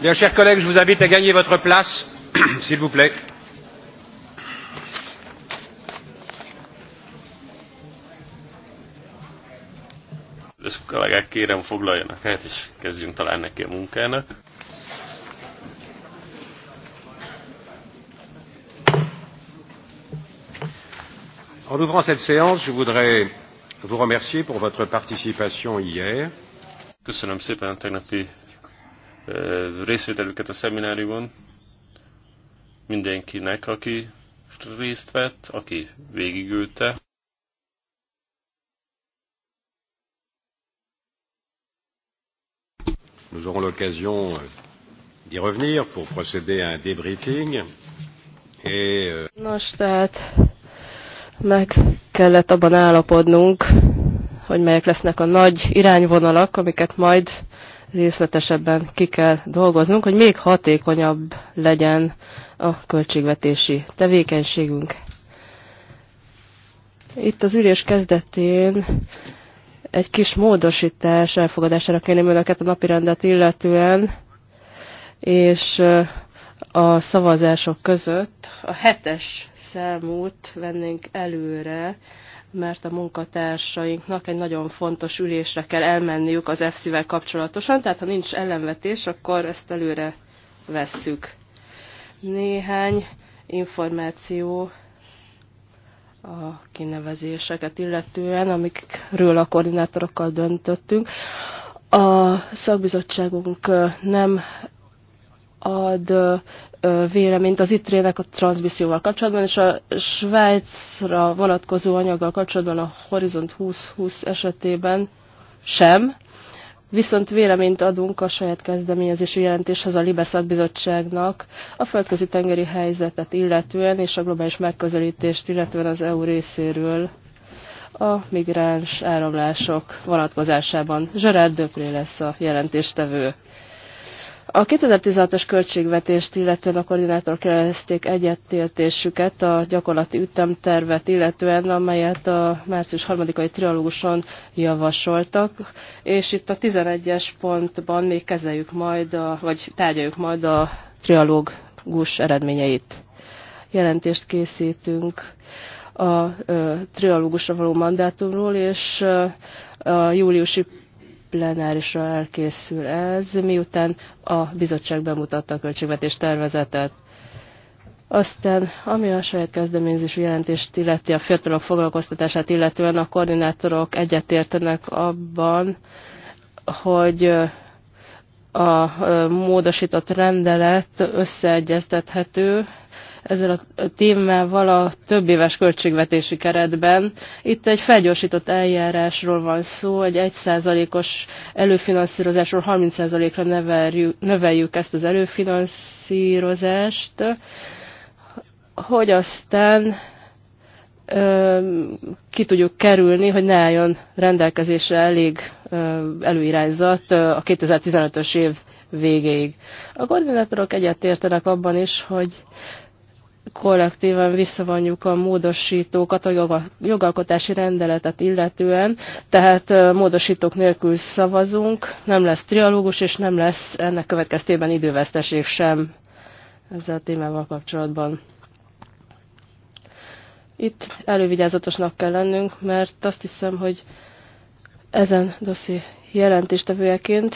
Bien, chers collègues, je vous invite à gagner votre place, s'il vous plaît. kollégák kérem foglaljanak helyet, és kezdjünk talán neki a munkának. En ouvrant cette séance, je voudrais vous remercier pour votre participation hier. Köszönöm szépen a tegnapi részvételüket a szemináriumon mindenkinek, aki részt vett, aki végigülte. Nous aurons l'occasion euh, d'y revenir pour procéder à un débriefing. Et... Euh, Nos, tehát meg kellett abban állapodnunk, hogy melyek lesznek a nagy irányvonalak, amiket majd részletesebben ki kell dolgoznunk, hogy még hatékonyabb legyen a költségvetési tevékenységünk. Itt az ülés kezdetén egy kis módosítás elfogadására kérném önöket a napirendet illetően, és a szavazások között a hetes számút vennénk előre, mert a munkatársainknak egy nagyon fontos ülésre kell elmenniük az EFSZ-vel kapcsolatosan, tehát ha nincs ellenvetés, akkor ezt előre vesszük. Néhány információ a kinevezéseket illetően, amikről a koordinátorokkal döntöttünk. A szakbizottságunk nem ad véleményt az itt nek a transmisszióval kapcsolatban, és a Svájcra vonatkozó anyaggal kapcsolatban a Horizont 2020 esetében sem, viszont véleményt adunk a saját kezdeményezésű jelentéshez a Libe szakbizottságnak a földközi tengeri helyzetet illetően és a globális megközelítést illetően az EU részéről a migráns áramlások vonatkozásában. Gerard Döpré lesz a jelentéstevő. A 2016-os költségvetést, illetően a koordinátor kérdezték egyetértésüket a gyakorlati ütemtervet, illetően amelyet a március 3-ai trialóguson javasoltak, és itt a 11-es pontban még kezeljük majd, a, vagy tárgyaljuk majd a trialógus eredményeit. Jelentést készítünk a ö, trialógusra való mandátumról, és ö, a júliusi plenárisra elkészül ez, miután a bizottság bemutatta a költségvetés tervezetet. Aztán, ami a saját kezdeményezésű jelentést illeti, a fiatalok foglalkoztatását illetően a koordinátorok egyetértenek abban, hogy a módosított rendelet összeegyeztethető ezzel a témával a több éves költségvetési keretben. Itt egy felgyorsított eljárásról van szó, egy 1%-os előfinanszírozásról 30%-ra növeljük ezt az előfinanszírozást, hogy aztán ki tudjuk kerülni, hogy ne álljon rendelkezésre elég előirányzat a 2015-ös év végéig. A koordinátorok egyetértenek abban is, hogy kollektíven visszavonjuk a módosítókat a jogalkotási rendeletet illetően, tehát módosítók nélkül szavazunk, nem lesz trialógus, és nem lesz ennek következtében időveszteség sem ezzel a témával kapcsolatban. Itt elővigyázatosnak kell lennünk, mert azt hiszem, hogy ezen doszi jelentéstevőjeként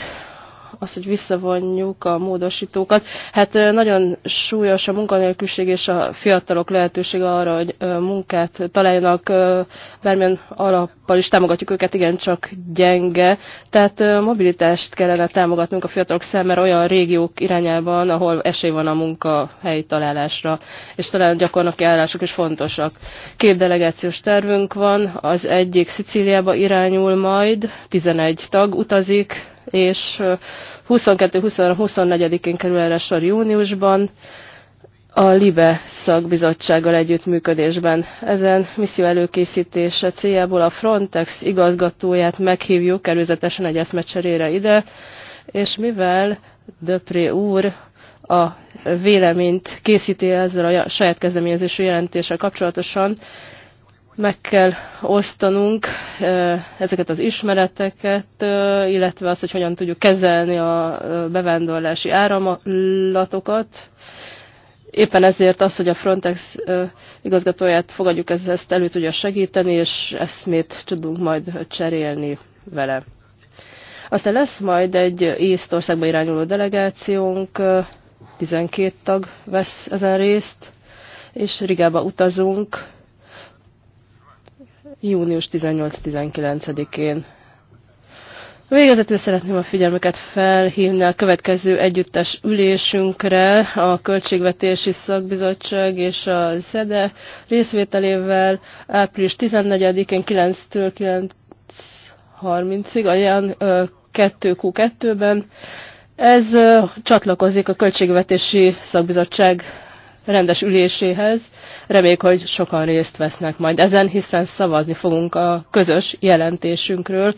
az, hogy visszavonjuk a módosítókat. Hát nagyon súlyos a munkanélküliség és a fiatalok lehetősége arra, hogy munkát találjanak, bármilyen alappal is támogatjuk őket, igen, csak gyenge. Tehát mobilitást kellene támogatnunk a fiatalok számára olyan régiók irányában, ahol esély van a munkahelyi találásra, és talán gyakornoki állások is fontosak. Két delegációs tervünk van, az egyik Szicíliába irányul majd, 11 tag utazik, és 22-24-én kerül erre sor júniusban a LIBE szakbizottsággal együttműködésben. Ezen misszió előkészítése céljából a Frontex igazgatóját meghívjuk előzetesen egy eszmecserére ide, és mivel Döpré úr a véleményt készíti ezzel a saját kezdeményezésű jelentéssel kapcsolatosan, meg kell osztanunk ezeket az ismereteket, illetve azt, hogy hogyan tudjuk kezelni a bevándorlási áramlatokat. Éppen ezért az, hogy a Frontex igazgatóját fogadjuk, ez, ezt elő tudja segíteni, és eszmét tudunk majd cserélni vele. Aztán lesz majd egy Észtországba irányuló delegációnk, 12 tag vesz ezen részt, és Rigába utazunk június 18-19-én. Végezetül szeretném a figyelmüket felhívni a következő együttes ülésünkre a Költségvetési Szakbizottság és a SZEDE részvételével április 14-én 9-től 9.30-ig, a 2Q2-ben. Ez csatlakozik a Költségvetési Szakbizottság rendes üléséhez. Reméljük, hogy sokan részt vesznek majd ezen, hiszen szavazni fogunk a közös jelentésünkről.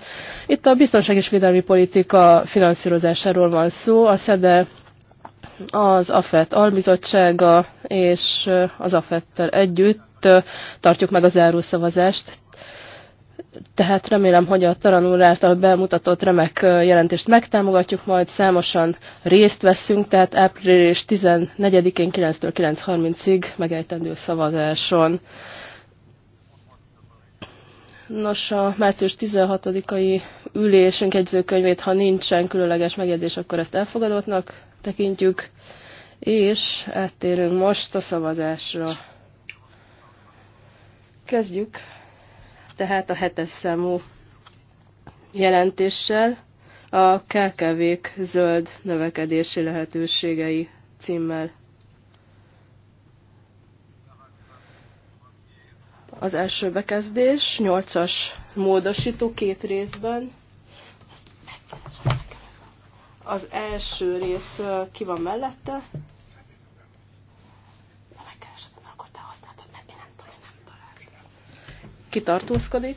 Itt a biztonság és védelmi politika finanszírozásáról van szó. A SZEDE az AFET albizottsága és az AFET-tel együtt tartjuk meg az zárószavazást tehát remélem, hogy a Taran úr által bemutatott remek jelentést megtámogatjuk, majd számosan részt veszünk, tehát április 14-én 9-től 9.30-ig megejtendő szavazáson. Nos, a március 16-ai ülésünk jegyzőkönyvét, ha nincsen különleges megjegyzés, akkor ezt elfogadottnak tekintjük, és áttérünk most a szavazásra. Kezdjük tehát a hetes számú jelentéssel a kelkevék zöld növekedési lehetőségei címmel. Az első bekezdés, 8-as módosító két részben. Az első rész ki van mellette, kitartózkodik,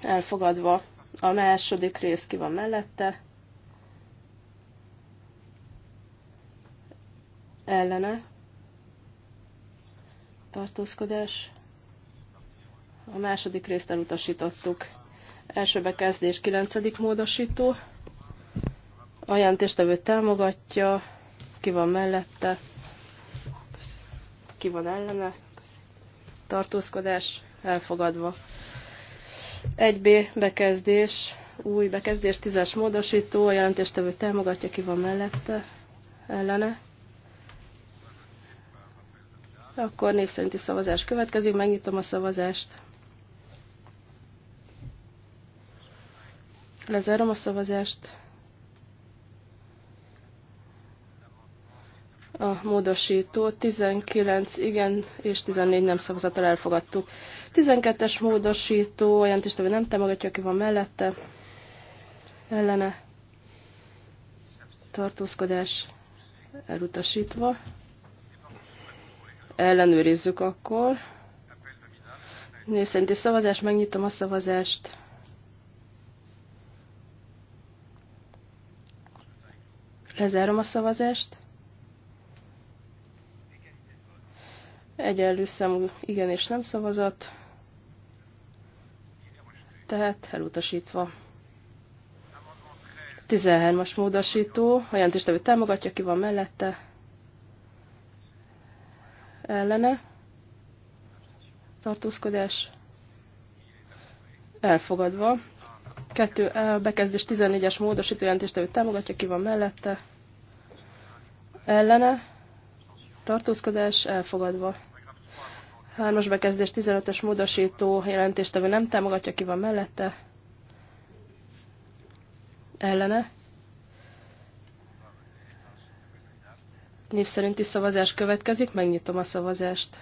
elfogadva a második rész ki van mellette, ellene, tartózkodás, a második részt elutasítottuk. Első bekezdés, kilencedik módosító, a jelentéstevő támogatja, ki van mellette, ki van ellene, tartózkodás, elfogadva. 1B bekezdés, új bekezdés, 10-es módosító, a jelentéstevő támogatja, ki van mellette, ellene. Akkor név szerinti szavazás következik, megnyitom a szavazást. Lezárom a szavazást. A módosító 19 igen és 14 nem szavazattal elfogadtuk. 12-es módosító, olyan tiszta, hogy nem támogatja, aki van mellette, ellene tartózkodás elutasítva. Ellenőrizzük akkor. Név szavazás, megnyitom a szavazást. Lezárom a szavazást. Egyenlő számú igen és nem szavazat tehát elutasítva. 13-as módosító, a jelentéstevő támogatja, ki van mellette, ellene, tartózkodás, elfogadva. 2 bekezdés 14-es módosító jelentéstevő támogatja, ki van mellette, ellene, tartózkodás, elfogadva. Hármas bekezdés 15-ös módosító jelentéstevő nem támogatja, ki van mellette. Ellene. Név szerinti szavazás következik, megnyitom a szavazást.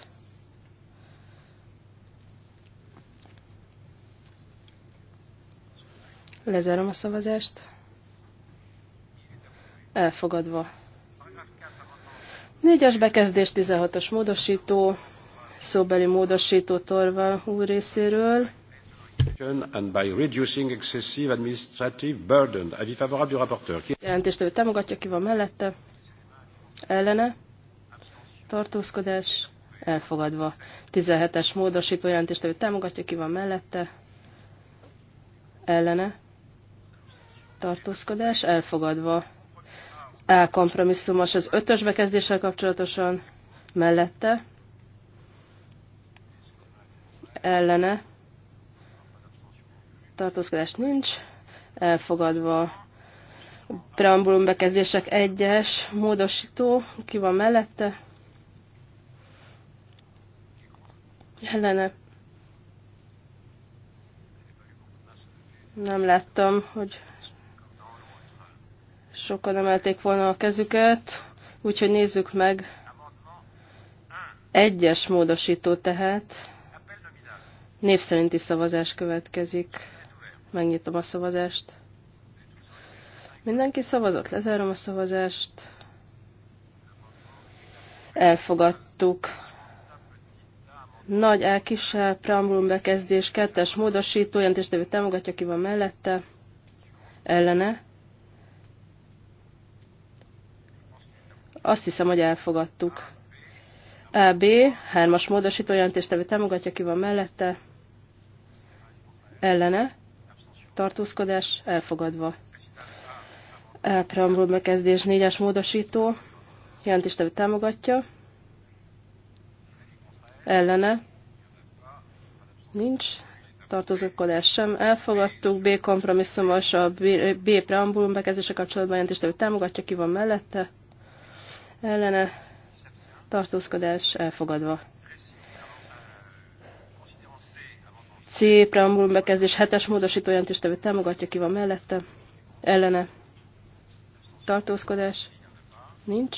Lezárom a szavazást. Elfogadva. Négyes bekezdés, 16-os módosító szóbeli módosító torva úr részéről. And by reducing excessive administrative burden. Avis favorable du rapporteur. Jelentéstevő támogatja, ki van mellette. Ellene. Tartózkodás. Elfogadva. 17-es módosító jelentéstevő támogatja, ki van mellette. Ellene. Tartózkodás. Elfogadva. A kompromisszumos az ötös bekezdéssel kapcsolatosan mellette ellene tartózkodás nincs, elfogadva preambulum bekezdések egyes módosító, ki van mellette, ellene nem láttam, hogy sokan emelték volna a kezüket, úgyhogy nézzük meg egyes módosító tehát, Név szerinti szavazás következik. Megnyitom a szavazást. Mindenki szavazott, lezárom a szavazást. Elfogadtuk. Nagy elkissel, preambulum bekezdés, kettes módosító, jelentéstevő támogatja, ki van mellette, ellene. Azt hiszem, hogy elfogadtuk. AB, hármas módosító, jelentéstevő támogatja, ki van mellette, ellene, tartózkodás elfogadva. Elpreambul bekezdés négyes es módosító, jelentéstevő támogatja, ellene, nincs, tartózkodás sem elfogadtuk, B kompromisszumos a B, B preambulum bekezdése kapcsolatban jelentéstevő támogatja, ki van mellette, ellene, tartózkodás elfogadva. C preambulum bekezdés 7-es módosító jelentéstevő támogatja, ki van mellette, ellene, tartózkodás, nincs.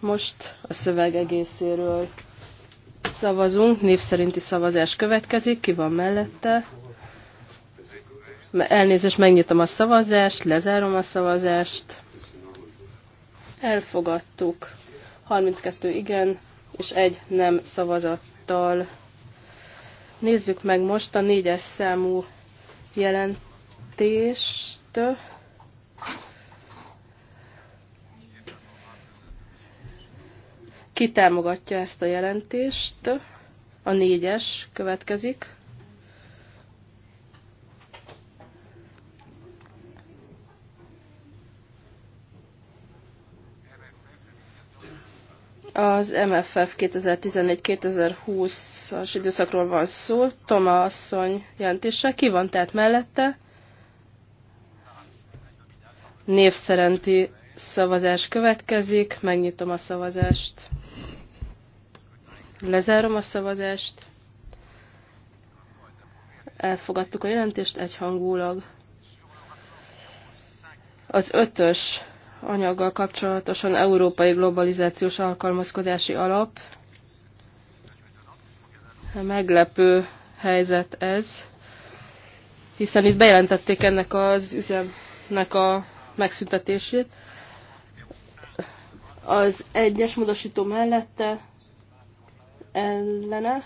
Most a szöveg egészéről szavazunk, név szerinti szavazás következik, ki van mellette. Elnézést, megnyitom a szavazást, lezárom a szavazást. Elfogadtuk. 32 igen, és egy nem szavazattal. Nézzük meg most a négyes számú jelentést. Ki támogatja ezt a jelentést? A négyes következik. Az MFF 2014-2020-as időszakról van szó, Toma asszony jelentése. Ki van tehát mellette? Név szerinti szavazás következik, megnyitom a szavazást. Lezárom a szavazást. Elfogadtuk a jelentést egyhangulag. Az ötös anyaggal kapcsolatosan Európai Globalizációs Alkalmazkodási Alap. Meglepő helyzet ez, hiszen itt bejelentették ennek az üzemnek a megszüntetését. Az egyes módosító mellette ellene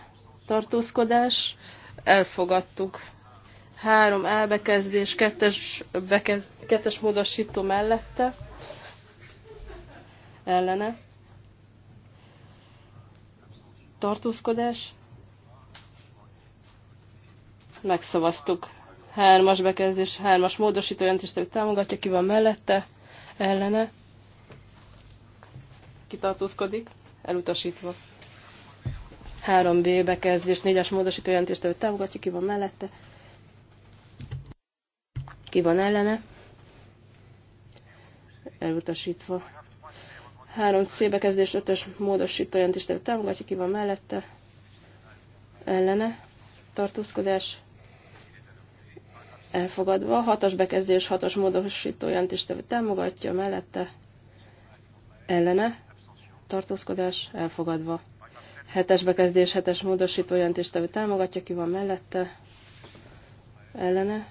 tartózkodás elfogadtuk három elbekezdés, kettes, bekez, kettes módosító mellette, ellene, tartózkodás, megszavaztuk. Hármas bekezdés, hármas módosító jelentést támogatja, ki van mellette, ellene, kitartózkodik, elutasítva. 3B bekezdés, 4-es módosító jelentéstevő támogatja, ki van mellette, ki van ellene? Elutasítva. 3C bekezdés 5-ös módosító jelentéstevő támogatja, ki van mellette? Ellene. Tartózkodás. Elfogadva. 6-as bekezdés 6 as módosító jelentéstevő támogatja, mellette? Ellene. Tartózkodás. Elfogadva. 7-es bekezdés 7-es módosító jelentéstevő támogatja, ki van mellette? Ellene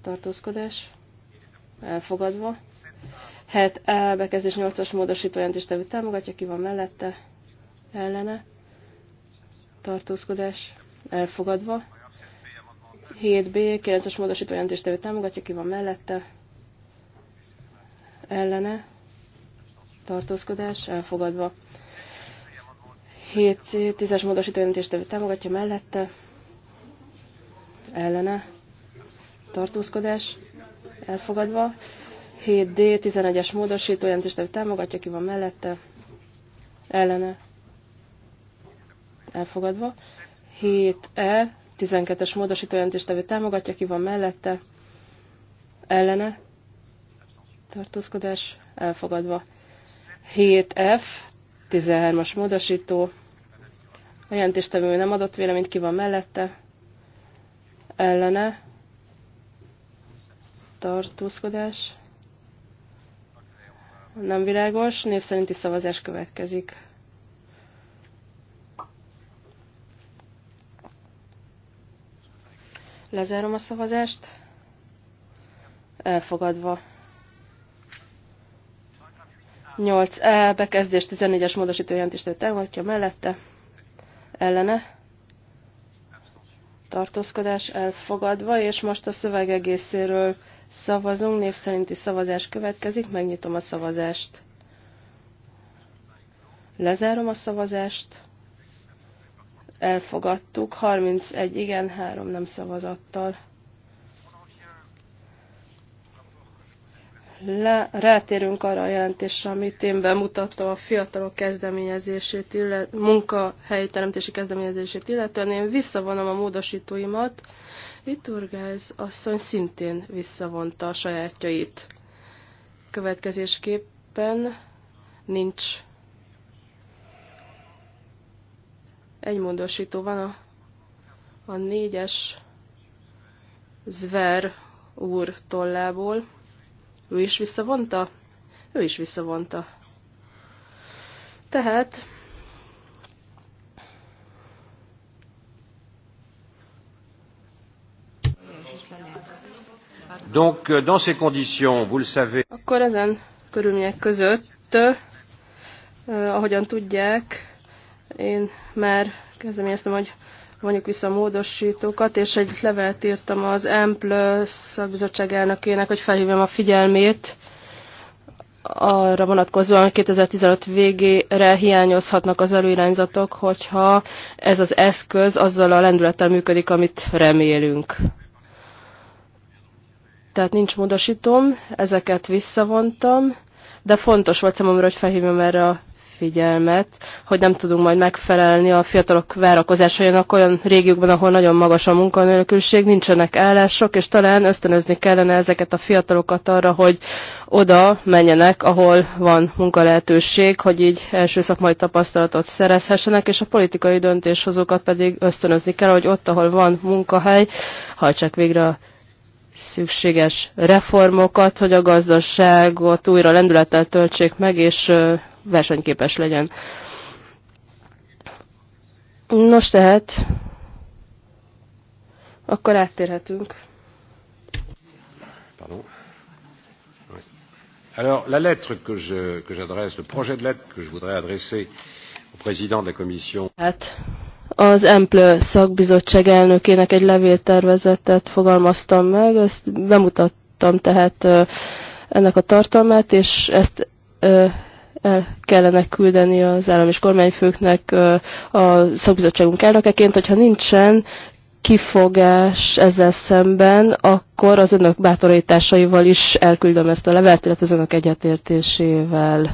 tartózkodás elfogadva. 7A bekezdés 8-as módosító jelentéstevő támogatja, ki van mellette, ellene, tartózkodás elfogadva. 7B 9 as módosító jelentéstevő támogatja, ki van mellette, ellene, tartózkodás elfogadva. 7C 10-es módosító jelentéstevő támogatja mellette, ellene, tartózkodás elfogadva. 7D, 11-es módosító, jelentéstevő támogatja, ki van mellette, ellene elfogadva. 7E, 12-es módosító, jelentéstevő támogatja, ki van mellette, ellene tartózkodás elfogadva. 7F, 13-as módosító, a jelentéstevő nem adott véleményt, ki van mellette, ellene tartózkodás. Nem világos, név szerinti szavazás következik. Lezárom a szavazást. Elfogadva. 8E, bekezdés 14-es módosító jelentéstől támogatja mellette, ellene, tartózkodás elfogadva, és most a szöveg egészéről Szavazunk, név szerinti szavazás következik, megnyitom a szavazást. Lezárom a szavazást. Elfogadtuk, 31 igen, 3 nem szavazattal. Le, rátérünk arra a jelentésre, amit én bemutattam a fiatalok kezdeményezését, illet, munkahelyi teremtési kezdeményezését illetően. Én visszavonom a módosítóimat, Liturgáz asszony szintén visszavonta a sajátjait. Következésképpen nincs egy módosító van a, a négyes Zver úr tollából. Ő is visszavonta? Ő is visszavonta. Tehát Donc, euh, dans ces conditions, vous le savez... Akkor ezen körülmények között, ahogyan tudják, én már kezdeményeztem, hogy vonjuk vissza a módosítókat, és egy levelet írtam az EMPL szakbizottság elnökének, hogy felhívjam a figyelmét arra vonatkozóan, hogy 2015 végére hiányozhatnak az előirányzatok, hogyha ez az eszköz azzal a lendülettel működik, amit remélünk tehát nincs módosítom, ezeket visszavontam, de fontos volt számomra, hogy felhívjam erre a figyelmet, hogy nem tudunk majd megfelelni a fiatalok várakozásainak olyan régiókban, ahol nagyon magas a munkanélkülség, nincsenek állások, és talán ösztönözni kellene ezeket a fiatalokat arra, hogy oda menjenek, ahol van munkalehetőség, hogy így első szakmai tapasztalatot szerezhessenek, és a politikai döntéshozókat pedig ösztönözni kell, hogy ott, ahol van munkahely, hajtsák végre a szükséges reformokat, hogy a gazdaságot újra lendülettel töltsék meg, és versenyképes legyen. Nos tehát, akkor áttérhetünk. Pardon. Alors, la lettre que j'adresse, le projet de lettre que je voudrais adresser au président de la commission. Hát, az emplő szakbizottság elnökének egy levéltervezetet fogalmaztam meg, ezt bemutattam tehát ennek a tartalmát, és ezt el kellene küldeni az állam és kormányfőknek a szakbizottságunk elnökeként, hogyha nincsen kifogás ezzel szemben, akkor az önök bátorításaival is elküldöm ezt a levelet, illetve az önök egyetértésével.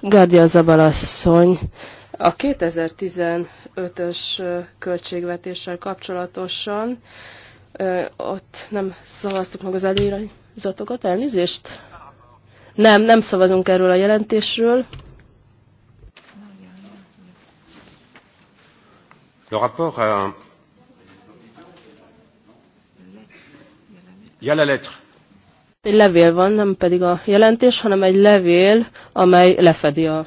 Gárdia Zabalasszony. asszony. A 2015-ös költségvetéssel kapcsolatosan ott nem szavaztuk meg az előirányzatokat, elnézést? Nem, nem szavazunk erről a jelentésről. Le rapport a... Il a lettre. Egy levél van, nem pedig a jelentés, hanem egy levél, amely lefedi a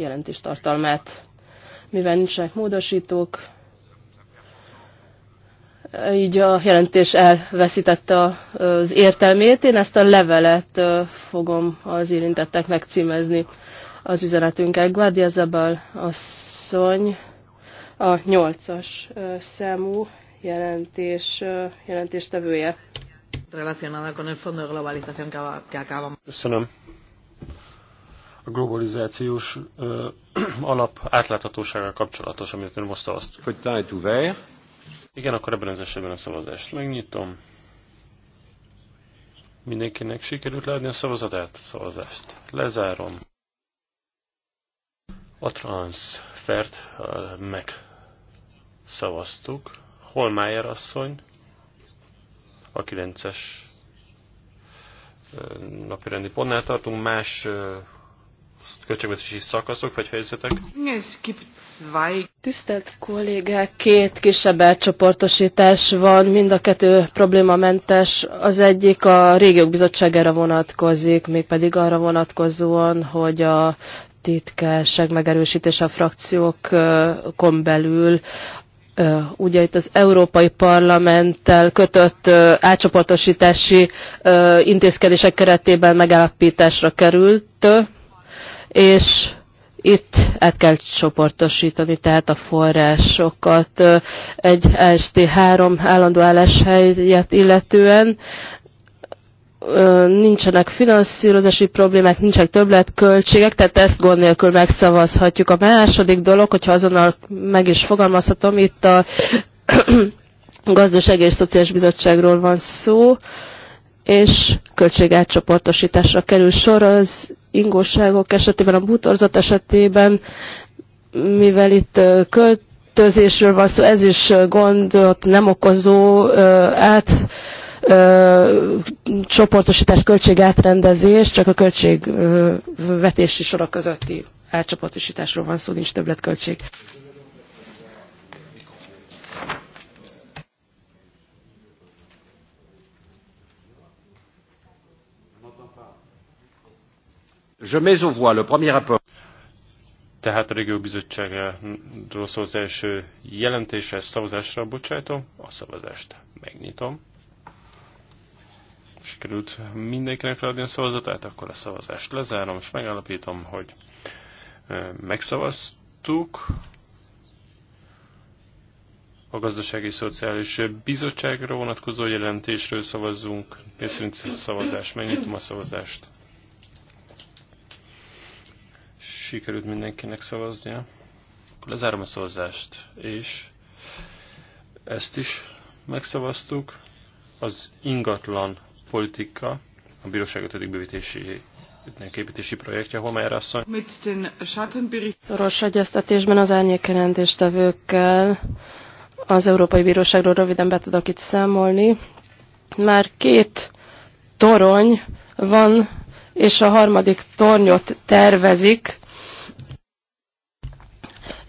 jelentés tartalmát. Mivel nincsenek módosítók, így a jelentés elveszítette az értelmét. Én ezt a levelet fogom az érintetteknek címezni az üzenetünkkel. Guardia Zabal asszony a nyolcas számú jelentés, jelentéstevője. Köszönöm a globalizációs ö, alap átláthatósággal kapcsolatos, amit ön most azt. Igen, akkor ebben az esetben a szavazást megnyitom. Mindenkinek sikerült látni a szavazatát? a Szavazást lezárom. A transfert szavaztuk. Holmájer asszony, a 9-es napirendi pontnál tartunk, más költségvetési szakaszok vagy helyzetek? Tisztelt kollégák, két kisebb elcsoportosítás van, mind a kettő problémamentes. Az egyik a régiók bizottságára vonatkozik, mégpedig arra vonatkozóan, hogy a titkárság megerősítése a frakciókon belül ugye itt az Európai Parlamenttel kötött átcsoportosítási intézkedések keretében megállapításra került és itt át kell csoportosítani, tehát a forrásokat egy ST3 állandó álláshelyet illetően. Nincsenek finanszírozási problémák, nincsenek többletköltségek, tehát ezt gond nélkül megszavazhatjuk. A második dolog, hogyha azonnal meg is fogalmazhatom, itt a Gazdasági és Szociális Bizottságról van szó és költségátcsoportosításra kerül sor az ingóságok esetében, a bútorzat esetében, mivel itt költözésről van szó, ez is gondot nem okozó át csoportosítás költségátrendezés, csak a költségvetési sorok közötti átcsoportosításról van szó, nincs többletköltség. Je mets au voix le premier rapport. Tehát a Régió Bizottságról szól az első jelentése, szavazásra bocsájtom, a szavazást megnyitom. Sikerült mindenkinek leadni a szavazatát, akkor a szavazást lezárom, és megállapítom, hogy megszavaztuk a Gazdasági Szociális Bizottságra vonatkozó jelentésről szavazzunk. a szavazást megnyitom a szavazást. sikerült mindenkinek szavaznia. Akkor lezárom a szavazást, és ezt is megszavaztuk. Az ingatlan politika, a bíróság ötödik bővítési képítési projektje, Homer asszony. Szoros egyeztetésben az árnyékjelentéstevőkkel az Európai Bíróságról röviden be tudok itt számolni. Már két torony van, és a harmadik tornyot tervezik,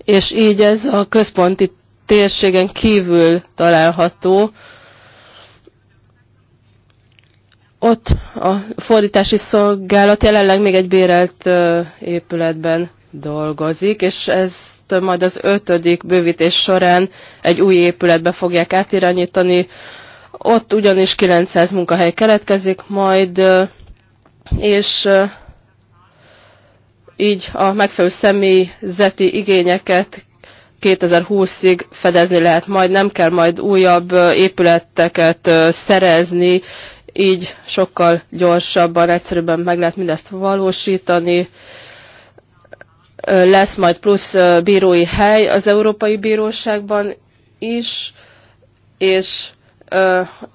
és így ez a központi térségen kívül található. Ott a fordítási szolgálat jelenleg még egy bérelt épületben dolgozik, és ezt majd az ötödik bővítés során egy új épületbe fogják átirányítani. Ott ugyanis 900 munkahely keletkezik majd, és így a megfelelő személyzeti igényeket 2020-ig fedezni lehet majd, nem kell majd újabb épületeket szerezni, így sokkal gyorsabban, egyszerűbben meg lehet mindezt valósítani. Lesz majd plusz bírói hely az Európai Bíróságban is, és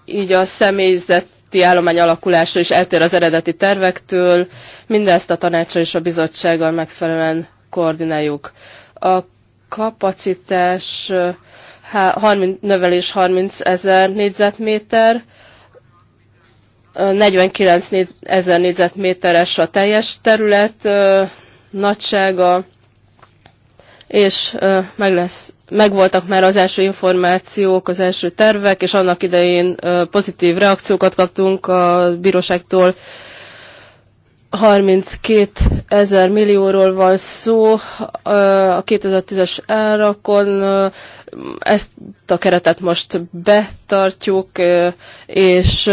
így a személyzet állomány alakulása is eltér az eredeti tervektől, mindezt a tanácsa és a bizottsággal megfelelően koordináljuk. A kapacitás 30, növelés 30 ezer négyzetméter, 49 ezer négyzetméteres a teljes terület nagysága, és meg, lesz, meg voltak már az első információk, az első tervek, és annak idején pozitív reakciókat kaptunk a bíróságtól. 32 ezer millióról van szó a 2010-es árakon. Ezt a keretet most betartjuk, és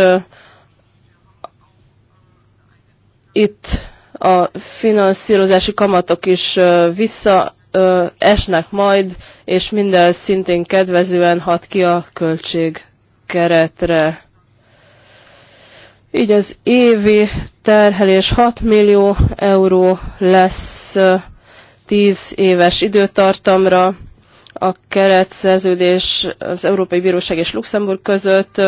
itt a finanszírozási kamatok is vissza ö, esnek majd, és minden szintén kedvezően hat ki a költség keretre. Így az évi terhelés 6 millió euró lesz 10 éves időtartamra. A keretszerződés az Európai Bíróság és Luxemburg között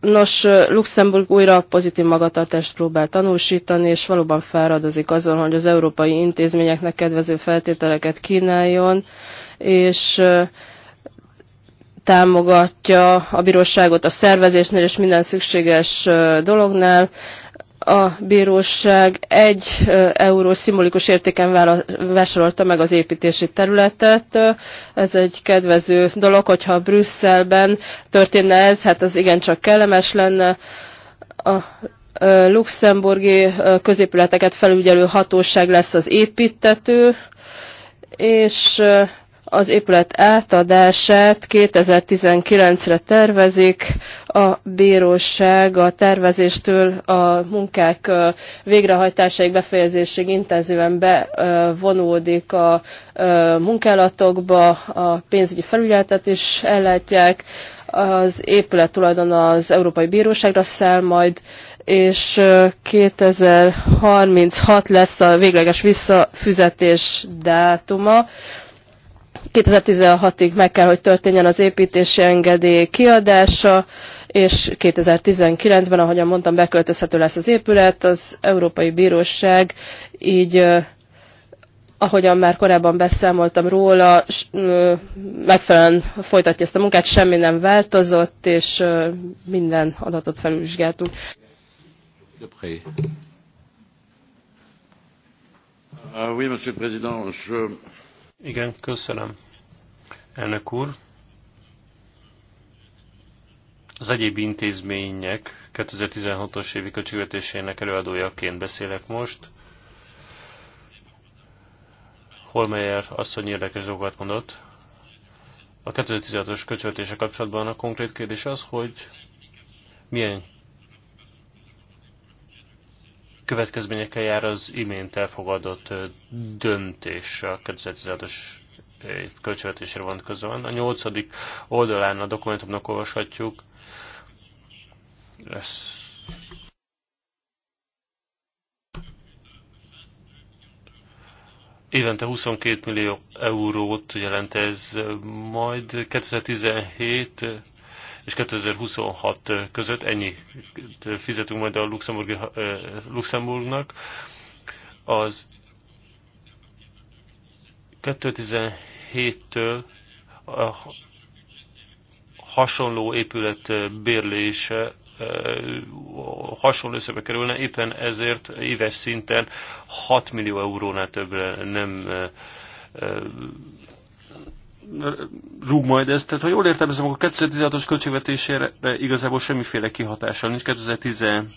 Nos, Luxemburg újra pozitív magatartást próbál tanúsítani, és valóban fáradozik azon, hogy az európai intézményeknek kedvező feltételeket kínáljon, és támogatja a bíróságot a szervezésnél és minden szükséges dolognál a bíróság egy euró szimbolikus értéken vásárolta meg az építési területet. Ez egy kedvező dolog, hogyha Brüsszelben történne ez, hát az igencsak kellemes lenne. A luxemburgi középületeket felügyelő hatóság lesz az építető, és az épület átadását 2019-re tervezik, a bíróság a tervezéstől a munkák végrehajtásaig befejezésig intenzíven bevonódik a munkálatokba, a pénzügyi felügyeletet is ellátják, az épület tulajdon az Európai Bíróságra száll majd, és 2036 lesz a végleges visszafizetés dátuma. 2016-ig meg kell, hogy történjen az építési engedély kiadása, és 2019-ben, ahogyan mondtam, beköltözhető lesz az épület. Az Európai Bíróság így, ahogyan már korábban beszámoltam róla, megfelelően folytatja ezt a munkát, semmi nem változott, és minden adatot felülvizsgáltunk. Uh, oui, Monsieur le Président, je igen, köszönöm. Elnök úr, az egyéb intézmények 2016-os évi költségvetésének előadójaként beszélek most. Holmeyer asszony érdekes dolgokat mondott. A 2016-os költségvetése kapcsolatban a konkrét kérdés az, hogy milyen következményekkel jár az imént elfogadott döntés a 2016-os költségvetésre vonatkozóan. A nyolcadik oldalán a dokumentumnak olvashatjuk. Lesz. Évente 22 millió eurót jelent ez, majd 2017 és 2026 között ennyi fizetünk majd a Luxemburgi, eh, Luxemburgnak. Az 2017-től hasonló épület bérlése eh, hasonló összebe kerülne, éppen ezért éves szinten 6 millió eurónál többre nem eh, rúg majd ezt. Tehát ha jól értelmezem, akkor 2016-os költségvetésére igazából semmiféle kihatása nincs. 2017-től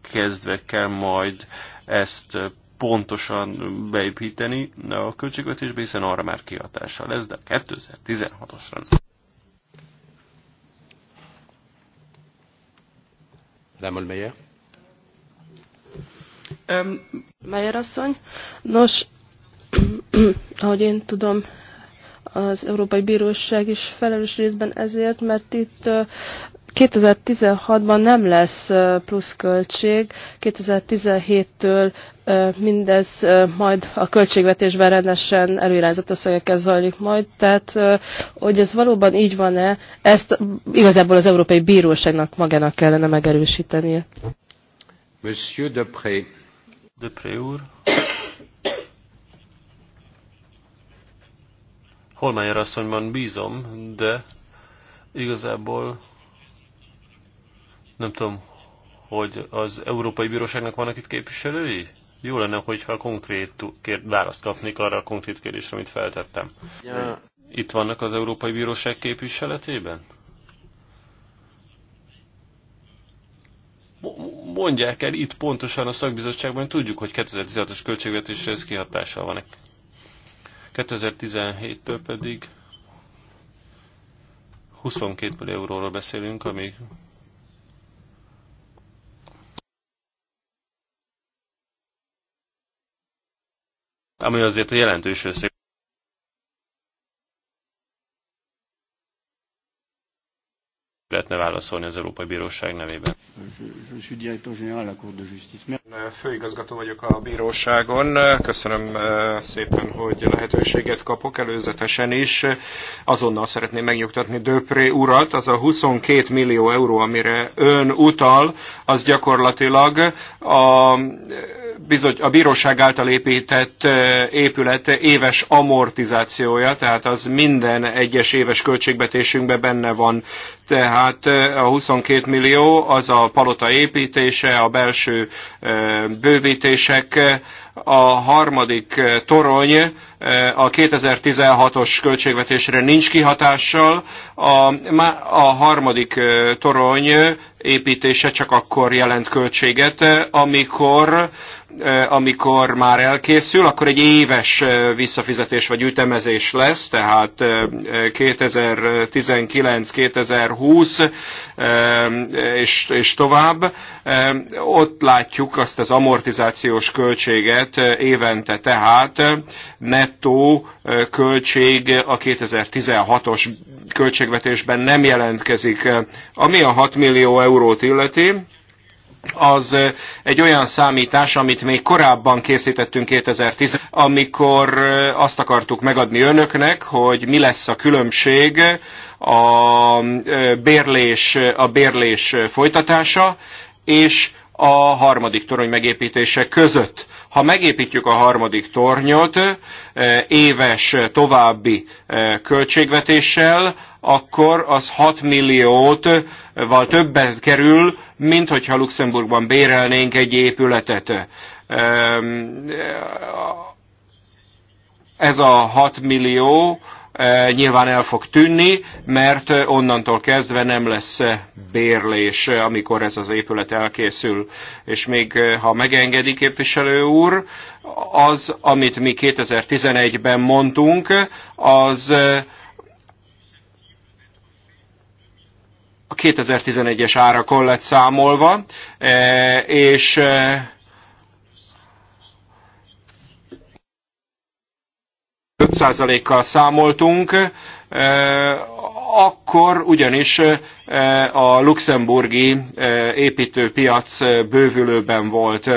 kezdve kell majd ezt pontosan beépíteni a költségvetésbe, hiszen arra már kihatása lesz, de 2016-osra. Madame Meyer. Um, Meyer asszony. Nos, ahogy én tudom, az Európai Bíróság is felelős részben ezért, mert itt 2016-ban nem lesz pluszköltség, 2017-től mindez majd a költségvetésben rendesen előirányzott összegekkel zajlik majd, tehát hogy ez valóban így van-e, ezt igazából az Európai Bíróságnak magának kellene megerősítenie. Monsieur Depré. Depré úr. Holmányer asszonyban bízom, de igazából nem tudom, hogy az Európai Bíróságnak vannak itt képviselői? Jó lenne, hogyha konkrét kér, választ kapnék arra a konkrét kérdésre, amit feltettem. Ja. Itt vannak az Európai Bíróság képviseletében? Mondják el itt pontosan a szakbizottságban, tudjuk, hogy 2016-os költségvetésre ez kihatással van. -e. 2017-től pedig 22 millió euróról beszélünk, ami ami azért jelentős összeg. szeretne válaszolni az Európai Bíróság nevében. Főigazgató vagyok a bíróságon. Köszönöm eh, szépen, hogy lehetőséget kapok előzetesen is. Azonnal szeretném megnyugtatni Döpré urat. Az a 22 millió euró, amire ön utal, az gyakorlatilag a bizony, a bíróság által épített eh, épület éves amortizációja, tehát az minden egyes éves költségvetésünkben benne van. Tehát tehát a 22 millió az a palota építése, a belső bővítések, a harmadik torony, a 2016-os költségvetésre nincs kihatással, a, a harmadik torony építése csak akkor jelent költséget, amikor amikor már elkészül, akkor egy éves visszafizetés vagy ütemezés lesz, tehát 2019-2020 és, és tovább. Ott látjuk azt az amortizációs költséget évente, tehát net nettó költség a 2016-os költségvetésben nem jelentkezik. Ami a 6 millió eurót illeti, az egy olyan számítás, amit még korábban készítettünk 2010, amikor azt akartuk megadni önöknek, hogy mi lesz a különbség a bérlés, a bérlés folytatása, és a harmadik torony megépítése között. Ha megépítjük a harmadik tornyot eh, éves további eh, költségvetéssel, akkor az 6 milliót val többen kerül, mint hogyha Luxemburgban bérelnénk egy épületet. Ehm, ez a 6 millió E, nyilván el fog tűnni, mert onnantól kezdve nem lesz bérlés, amikor ez az épület elkészül. És még ha megengedi képviselő úr, az, amit mi 2011-ben mondtunk, az e, a 2011-es árakon lett számolva, e, és 5%-kal számoltunk, akkor ugyanis a luxemburgi építőpiac bővülőben volt,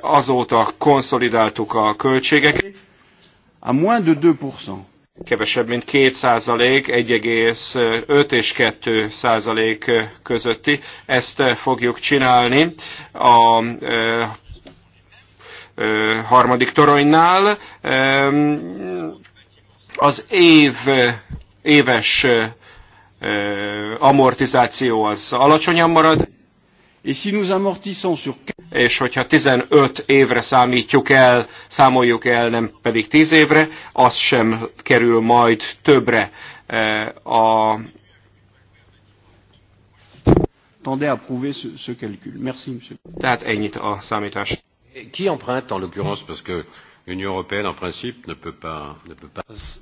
azóta konszolidáltuk a költségeket. A moins de 2%. Kevesebb, mint 2 százalék, 1,5 és 2 százalék közötti. Ezt fogjuk csinálni a harmadik toronynál. Az év éves amortizáció az alacsonyan marad. si nous amortissons sur... És hogyha 15 évre számítjuk el, számoljuk el, nem pedig 10 évre, az sem kerül majd többre. A, Tendez à prouver ce, ce calcul. Merci, monsieur. Tehát ennyit a számítás. Et qui emprunte en l'occurrence parce que l'Union européenne en principe ne peut pas ne peut pas az,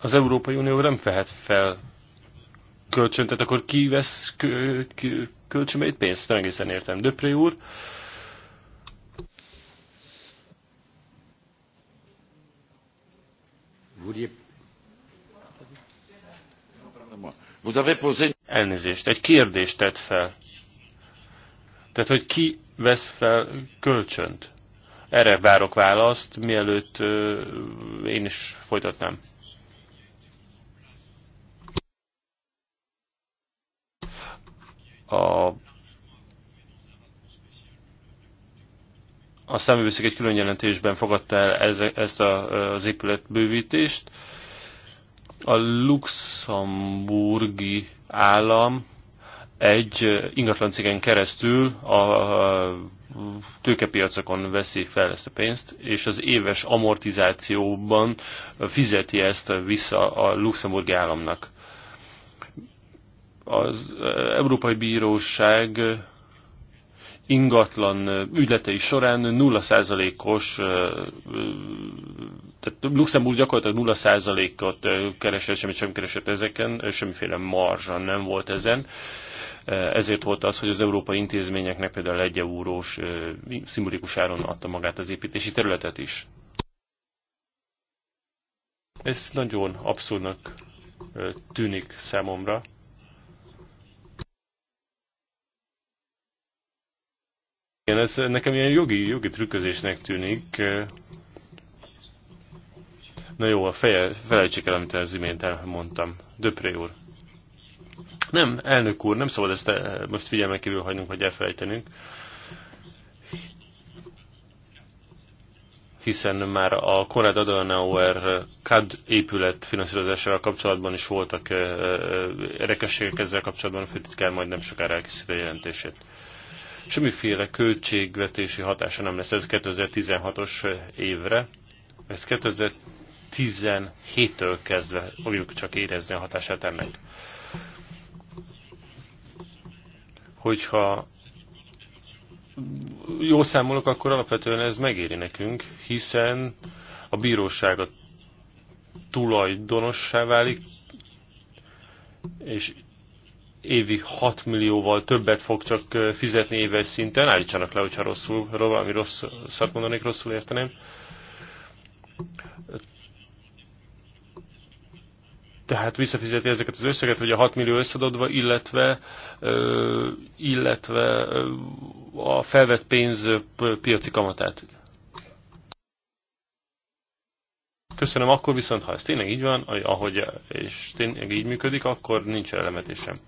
az Európai Unió nem fehet fel kölcsön, tehát akkor ki vesz kö, kö, pénzt? Nem egészen értem. Döpré úr. Elnézést, egy kérdést tett fel. Tehát, hogy ki vesz fel kölcsönt? Erre várok választ, mielőtt én is folytatnám. A a száművőszék egy külön jelentésben fogadta el ez, ezt a, az épületbővítést. A luxemburgi állam egy ingatlan cégen keresztül a tőkepiacokon veszi fel ezt a pénzt, és az éves amortizációban fizeti ezt vissza a luxemburgi államnak. Az Európai Bíróság ingatlan ügyletei során 0%-os, tehát Luxemburg gyakorlatilag 0%-ot keresett, semmit sem keresett ezeken, semmiféle marzsan nem volt ezen. Ezért volt az, hogy az európai intézményeknek például egy eurós szimbolikus áron adta magát az építési területet is. Ez nagyon abszurdnak tűnik számomra. Igen, ez nekem ilyen jogi, jogi trükközésnek tűnik. Na jó, a feje, felejtsék el, amit az imént elmondtam. Döpré úr. Nem, elnök úr, nem szabad ezt most figyelmen kívül hagynunk, hogy elfelejtenünk. hiszen már a Konrad Adenauer CAD épület finanszírozásával kapcsolatban is voltak eh, eh, eh, érdekességek ezzel kapcsolatban, a főtitkár majd nem sokára elkészít a jelentését. Semmiféle költségvetési hatása nem lesz ez 2016-os évre. Ez 2017-től kezdve fogjuk csak érezni a hatását ennek. Hogyha jó számolok, akkor alapvetően ez megéri nekünk, hiszen a bíróság a tulajdonossá válik, és évi 6 millióval többet fog csak fizetni éves szinten, állítsanak le, hogyha rosszul, valami szart mondanék, rosszul érteném. Tehát visszafizeti ezeket az összeget, hogy a 6 millió összeadva, illetve, illetve a felvett pénz piaci kamatát. Köszönöm, akkor viszont, ha ez tényleg így van, ahogy és tényleg így működik, akkor nincs elemetésem.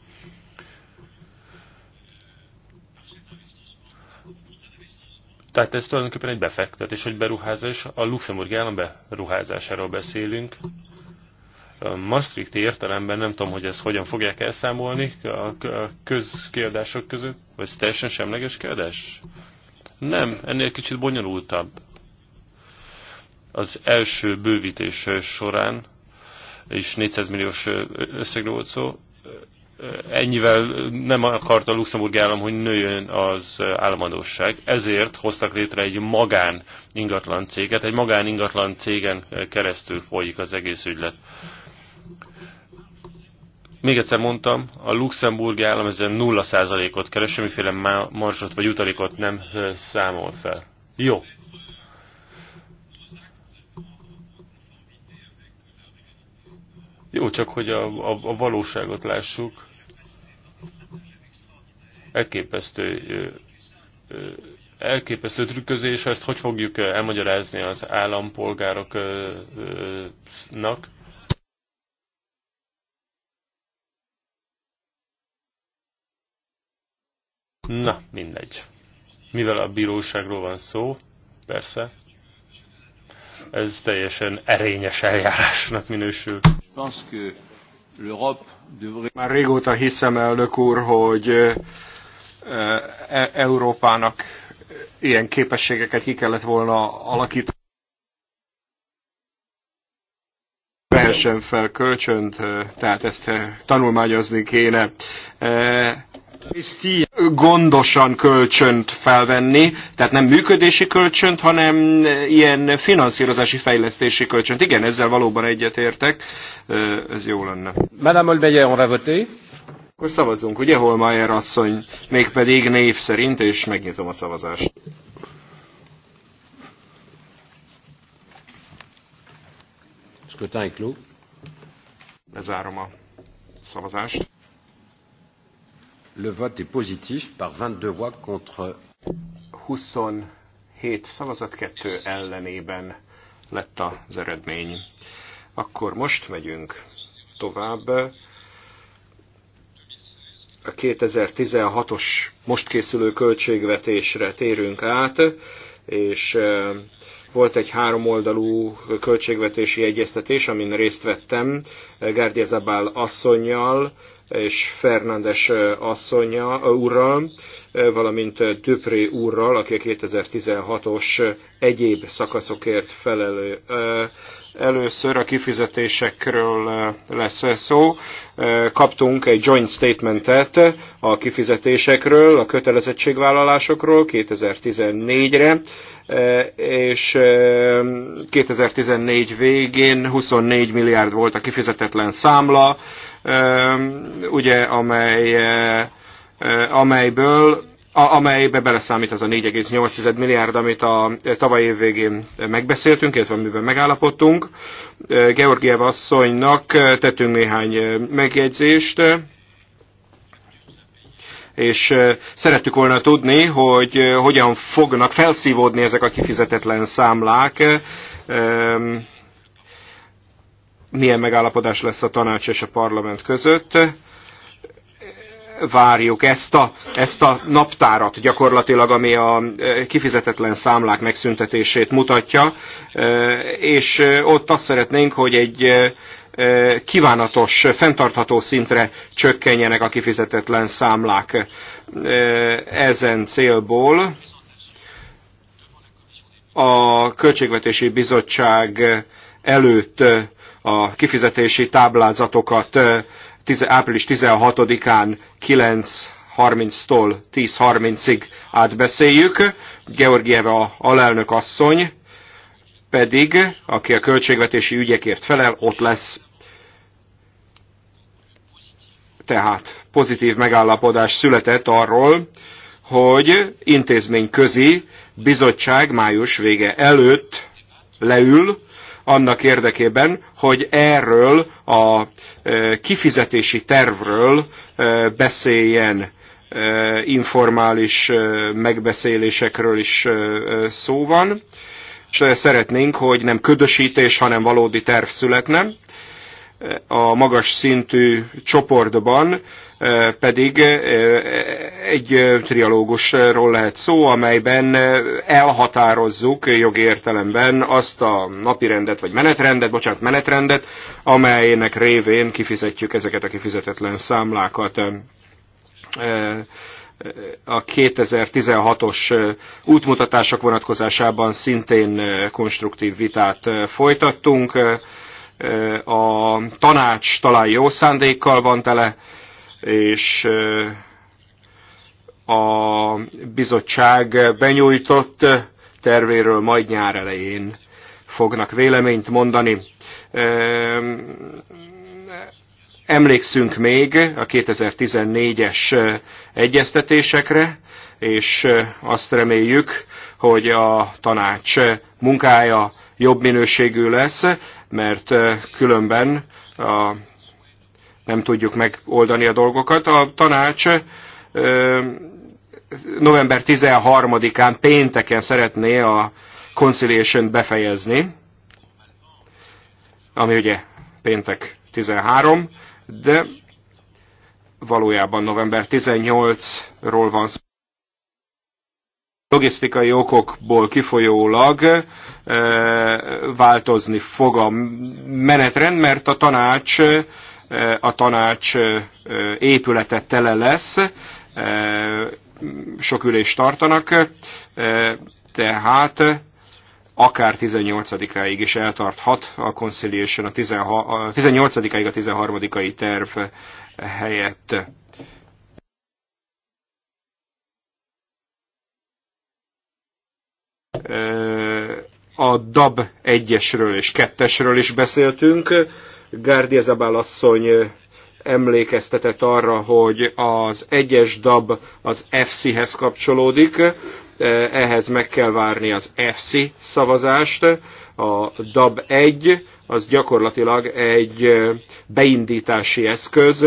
Tehát ez tulajdonképpen egy befektetés, hogy beruházás. A luxemburgi állam beruházásáról beszélünk. Maastrichti értelemben nem tudom, hogy ezt hogyan fogják elszámolni a közkiadások között, vagy ez teljesen semleges kérdés? Nem, ennél kicsit bonyolultabb. Az első bővítés során is 400 milliós összegről volt szó, ennyivel nem akarta a Luxemburg állam, hogy nőjön az államadóság. Ezért hoztak létre egy magán ingatlan céget, egy magán ingatlan cégen keresztül folyik az egész ügylet. Még egyszer mondtam, a luxemburgi állam ezen 0%-ot keres, semmiféle marzsot vagy utalékot nem számol fel. Jó, Jó, csak hogy a, a, a valóságot lássuk. Elképesztő, elképesztő trükközés, ezt hogy fogjuk elmagyarázni az állampolgároknak? Na, mindegy. Mivel a bíróságról van szó, persze, ez teljesen erényes eljárásnak minősül. Már régóta hiszem, elnök úr, hogy eh, e-, Európának ilyen képességeket ki kellett volna alakítani. Vehessen fel kölcsönt, eh, tehát ezt eh, tanulmányozni kéne gondosan kölcsönt felvenni, tehát nem működési kölcsönt, hanem ilyen finanszírozási fejlesztési kölcsönt. Igen, ezzel valóban egyetértek, ez jó lenne. Madame Olbeye, on va Akkor szavazzunk, ugye Holmeier asszony, mégpedig név szerint, és megnyitom a szavazást. Scrutin clos. Lezárom a szavazást. Le vote est positif par 22 voix contre. 27 szavazat 2 ellenében lett az eredmény. Akkor most megyünk tovább. A 2016-os most készülő költségvetésre térünk át, és eh, volt egy háromoldalú költségvetési egyeztetés, amin részt vettem Gárdia Zabál asszonynal, és Fernandes asszonya úrral, valamint Töpré úrral, aki a 2016-os egyéb szakaszokért felelő. Először a kifizetésekről lesz szó. Kaptunk egy joint statementet a kifizetésekről, a kötelezettségvállalásokról 2014-re, és 2014 végén 24 milliárd volt a kifizetetlen számla, ugye, amely, amelyből amelybe beleszámít az a 4,8 milliárd, amit a tavaly év végén megbeszéltünk, illetve amiben megállapodtunk. Georgiev asszonynak tettünk néhány megjegyzést, és szerettük volna tudni, hogy hogyan fognak felszívódni ezek a kifizetetlen számlák, milyen megállapodás lesz a tanács és a parlament között. Várjuk ezt a, ezt a naptárat gyakorlatilag, ami a e, kifizetetlen számlák megszüntetését mutatja, e, és e, ott azt szeretnénk, hogy egy kívánatos, fenntartható szintre csökkenjenek a kifizetetlen számlák. Ezen célból a Költségvetési Bizottság előtt a kifizetési táblázatokat április 16-án 9.30-tól 10.30-ig átbeszéljük. Georgieva alelnök asszony pedig, aki a költségvetési ügyekért felel, ott lesz. Tehát pozitív megállapodás született arról, hogy intézményközi bizottság május vége előtt leül, annak érdekében, hogy erről a e, kifizetési tervről e, beszéljen e, informális megbeszélésekről is szó van, és szeretnénk, hogy nem ködösítés, hanem valódi terv születne. A magas szintű csoportban pedig egy trialógusról lehet szó, amelyben elhatározzuk jogi értelemben azt a napirendet, vagy menetrendet, bocsánat, menetrendet, amelynek révén kifizetjük ezeket a kifizetetlen számlákat a 2016-os útmutatások vonatkozásában szintén konstruktív vitát folytattunk. A tanács talán jó szándékkal van tele, és eh, a bizottság benyújtott tervéről majd nyár elején fognak véleményt mondani. Eh, emlékszünk még a 2014-es egyeztetésekre, és eh, azt reméljük, hogy a tanács munkája jobb minőségű lesz, mert különben a nem tudjuk megoldani a dolgokat. A tanács november 13-án pénteken szeretné a conciliation befejezni, ami ugye péntek 13, de valójában november 18-ról van szó. Logisztikai okokból kifolyólag változni fog a menetrend, mert a tanács a tanács épülete tele lesz, sok ülést tartanak, tehát akár 18-áig is eltarthat a conciliation a 18-áig a 13-ai terv helyett. A DAB 1-esről és 2-esről is beszéltünk Gárdia Zabál asszony emlékeztetett arra, hogy az egyes dab az FC-hez kapcsolódik, ehhez meg kell várni az FC szavazást, a DAB 1 az gyakorlatilag egy beindítási eszköz,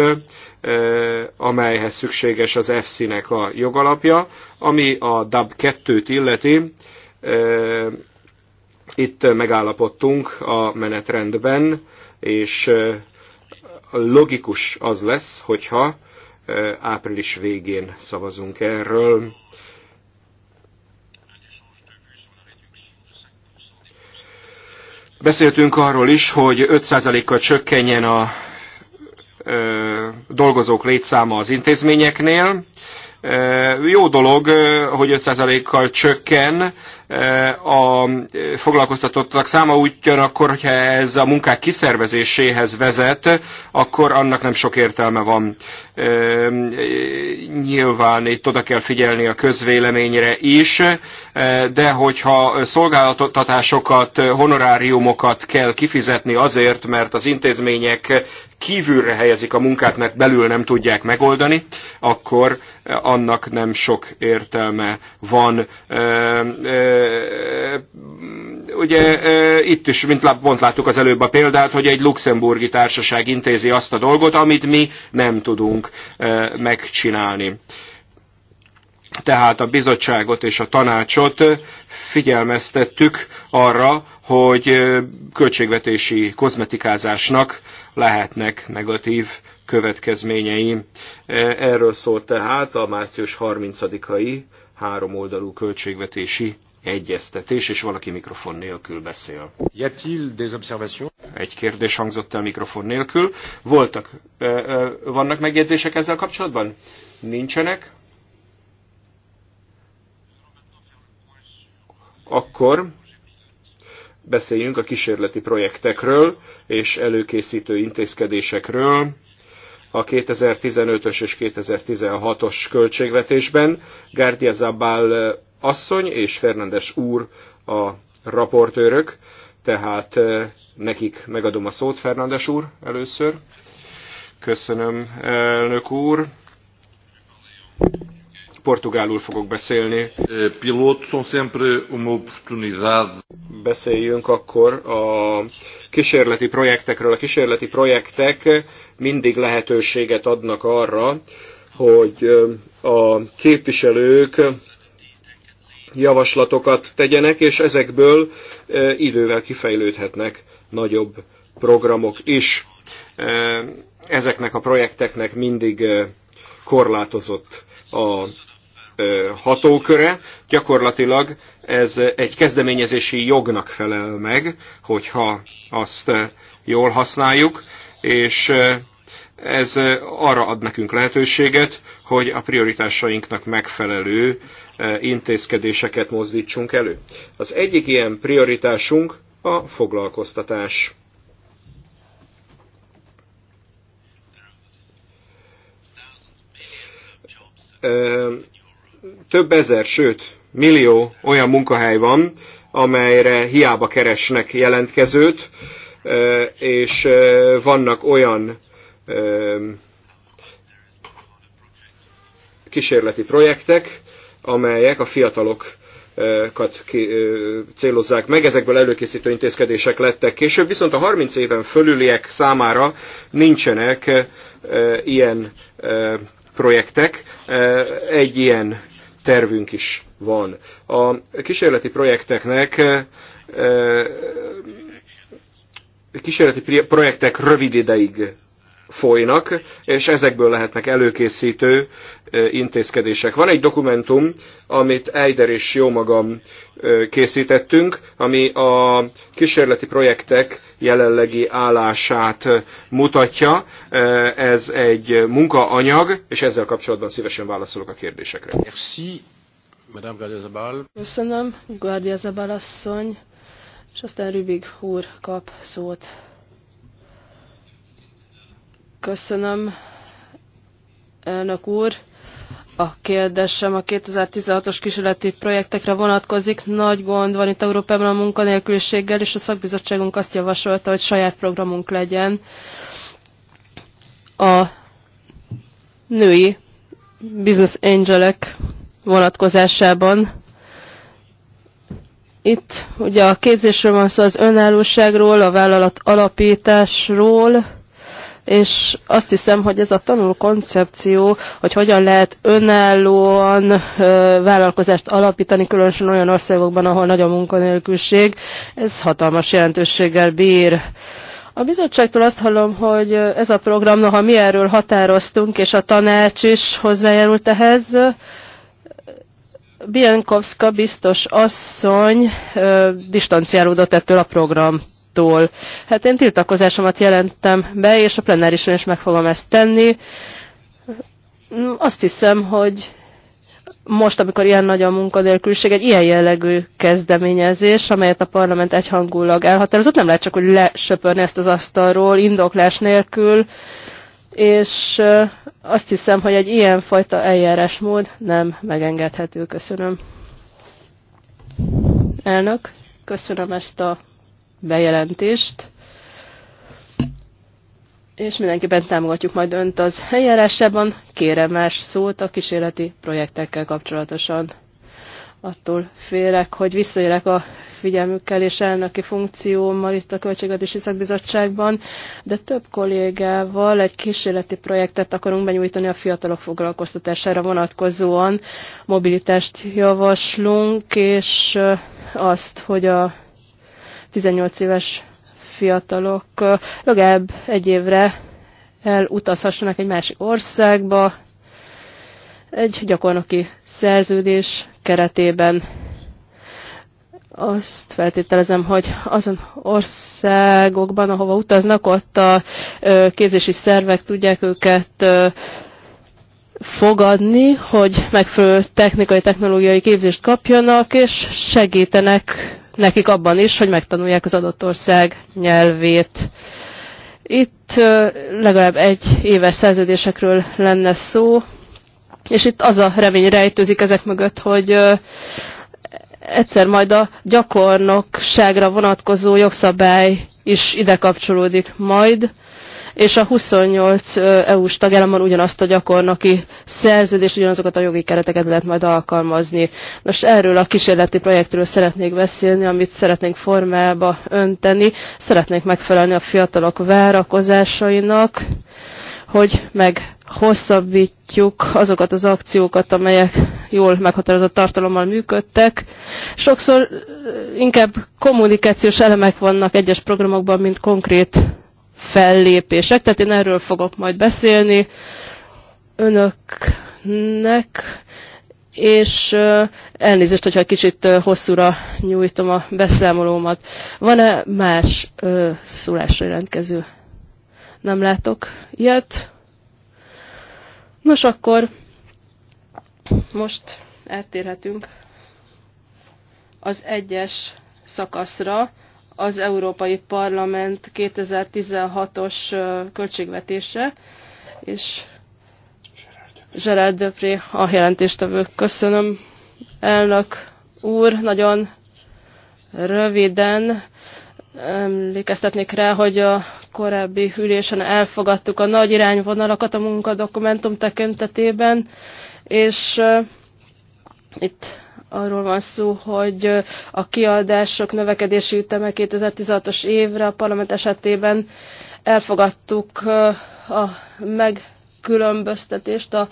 amelyhez szükséges az FC-nek a jogalapja, ami a DAB 2-t illeti, itt megállapodtunk a menetrendben, és logikus az lesz, hogyha április végén szavazunk erről. Beszéltünk arról is, hogy 5%-kal csökkenjen a dolgozók létszáma az intézményeknél. Jó dolog, hogy 5%-kal csökken a foglalkoztatottak száma, ugyanakkor, hogyha ez a munkák kiszervezéséhez vezet, akkor annak nem sok értelme van. Nyilván itt oda kell figyelni a közvéleményre is, de hogyha szolgáltatásokat, honoráriumokat kell kifizetni azért, mert az intézmények kívülre helyezik a munkát, mert belül nem tudják megoldani, akkor eh, annak nem sok értelme van. Eh, eh, ugye itt is, mint pont láttuk az előbb a példát, hogy egy luxemburgi társaság intézi azt a dolgot, amit mi nem tudunk megcsinálni tehát a bizottságot és a tanácsot figyelmeztettük arra, hogy költségvetési kozmetikázásnak lehetnek negatív következményei. E, erről szólt tehát a március 30-ai háromoldalú költségvetési egyeztetés, és valaki mikrofon nélkül beszél. Egy kérdés hangzott el mikrofon nélkül. Voltak, e, e, vannak megjegyzések ezzel kapcsolatban? Nincsenek? Akkor beszéljünk a kísérleti projektekről és előkészítő intézkedésekről a 2015-ös és 2016-os költségvetésben. Gárdia Zabál asszony és Fernandes úr a raportőrök, tehát eh, nekik megadom a szót, Fernandes úr először. Köszönöm, elnök úr. Portugálul fogok beszélni. Eh, Pilót são sempre uma oportunidade. Beszéljünk akkor a kísérleti projektekről. A kísérleti projektek mindig lehetőséget adnak arra, hogy eh, a képviselők javaslatokat tegyenek, és ezekből eh, idővel kifejlődhetnek nagyobb programok is. Ezeknek a projekteknek mindig korlátozott a hatóköre, gyakorlatilag ez egy kezdeményezési jognak felel meg, hogyha azt jól használjuk, és ez arra ad nekünk lehetőséget, hogy a prioritásainknak megfelelő intézkedéseket mozdítsunk elő. Az egyik ilyen prioritásunk a foglalkoztatás több ezer, sőt millió olyan munkahely van, amelyre hiába keresnek jelentkezőt, és vannak olyan kísérleti projektek, amelyek a fiatalok célozzák meg. Ezekből előkészítő intézkedések lettek később, viszont a 30 éven fölüliek számára nincsenek ilyen projektek. Egy ilyen tervünk is van. A kísérleti projekteknek e, e, kísérleti projektek rövid ideig folynak, és ezekből lehetnek előkészítő intézkedések. Van egy dokumentum, amit Eider és jó magam készítettünk, ami a kísérleti projektek jelenlegi állását mutatja. Ez egy munkaanyag, és ezzel kapcsolatban szívesen válaszolok a kérdésekre. Merci, Madame Guardia Köszönöm, Guardia asszony, és aztán Rübig úr kap szót. Köszönöm, elnök úr. A kérdésem a 2016-os kísérleti projektekre vonatkozik. Nagy gond van itt Európában a munkanélküliséggel, és a szakbizottságunk azt javasolta, hogy saját programunk legyen a női business angelek vonatkozásában. Itt ugye a képzésről van szó, az önállóságról, a vállalat alapításról, és azt hiszem, hogy ez a tanuló koncepció, hogy hogyan lehet önállóan vállalkozást alapítani, különösen olyan országokban, ahol nagy a munkanélküliség, ez hatalmas jelentőséggel bír. A bizottságtól azt hallom, hogy ez a program, noha mi erről határoztunk, és a tanács is hozzájárult ehhez, Bienkowska biztos asszony distanciálódott ettől a program tól. Hát én tiltakozásomat jelentem be, és a plenárison is meg fogom ezt tenni. Azt hiszem, hogy most, amikor ilyen nagy a munkanélküliség, egy ilyen jellegű kezdeményezés, amelyet a parlament egyhangulag elhatározott, nem lehet csak, hogy lesöpörni ezt az asztalról indoklás nélkül, és azt hiszem, hogy egy ilyen fajta eljárásmód nem megengedhető. Köszönöm. Elnök, köszönöm ezt a bejelentést. És mindenképpen támogatjuk majd önt az eljárásában. Kérem más szót a kísérleti projektekkel kapcsolatosan. Attól félek, hogy visszaélek a figyelmükkel és elnöki funkciómmal itt a Költségvetési Szakbizottságban, de több kollégával egy kísérleti projektet akarunk benyújtani a fiatalok foglalkoztatására vonatkozóan. Mobilitást javaslunk, és azt, hogy a 18 éves fiatalok legalább egy évre elutazhassanak egy másik országba egy gyakornoki szerződés keretében. Azt feltételezem, hogy azon országokban, ahova utaznak, ott a képzési szervek tudják őket fogadni, hogy megfelelő technikai, technológiai képzést kapjanak, és segítenek nekik abban is, hogy megtanulják az adott ország nyelvét. Itt legalább egy éves szerződésekről lenne szó, és itt az a remény rejtőzik ezek mögött, hogy egyszer majd a gyakornokságra vonatkozó jogszabály is ide kapcsolódik majd, és a 28 EU-s tagállamban ugyanazt a gyakornoki szerződést, ugyanazokat a jogi kereteket lehet majd alkalmazni. Nos, erről a kísérleti projektről szeretnék beszélni, amit szeretnénk formába önteni. Szeretnénk megfelelni a fiatalok várakozásainak, hogy hosszabbítjuk azokat az akciókat, amelyek jól meghatározott tartalommal működtek. Sokszor inkább kommunikációs elemek vannak egyes programokban, mint konkrét fellépések, tehát én erről fogok majd beszélni önöknek, és elnézést, hogyha kicsit hosszúra nyújtom a beszámolómat. Van-e más szólásra jelentkező? Nem látok ilyet. Nos, akkor most eltérhetünk az egyes szakaszra, az Európai Parlament 2016-os költségvetése, és Gerard Döpré a jelentéstevő. Köszönöm, elnök úr, nagyon röviden emlékeztetnék rá, hogy a korábbi ülésen elfogadtuk a nagy irányvonalakat a munkadokumentum tekintetében, és itt arról van szó, hogy a kiadások növekedési üteme 2016-os évre a parlament esetében elfogadtuk a meg különböztetést a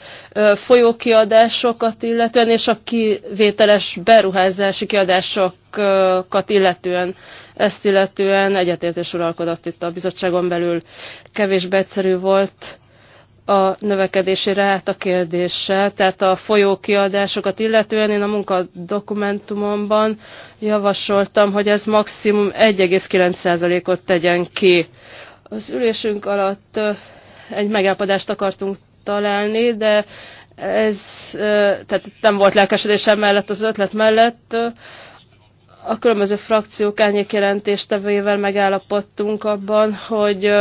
folyókiadásokat illetően, és a kivételes beruházási kiadásokat illetően. Ezt illetően egyetértés uralkodott itt a bizottságon belül. Kevésbé egyszerű volt a növekedési a kérdéssel, tehát a folyókiadásokat illetően én a munkadokumentumomban javasoltam, hogy ez maximum 1,9%-ot tegyen ki. Az ülésünk alatt egy megállapodást akartunk találni, de ez, tehát nem volt lelkesedésem mellett az ötlet mellett, a különböző frakciók árnyékjelentéstevőjével megállapodtunk abban, hogy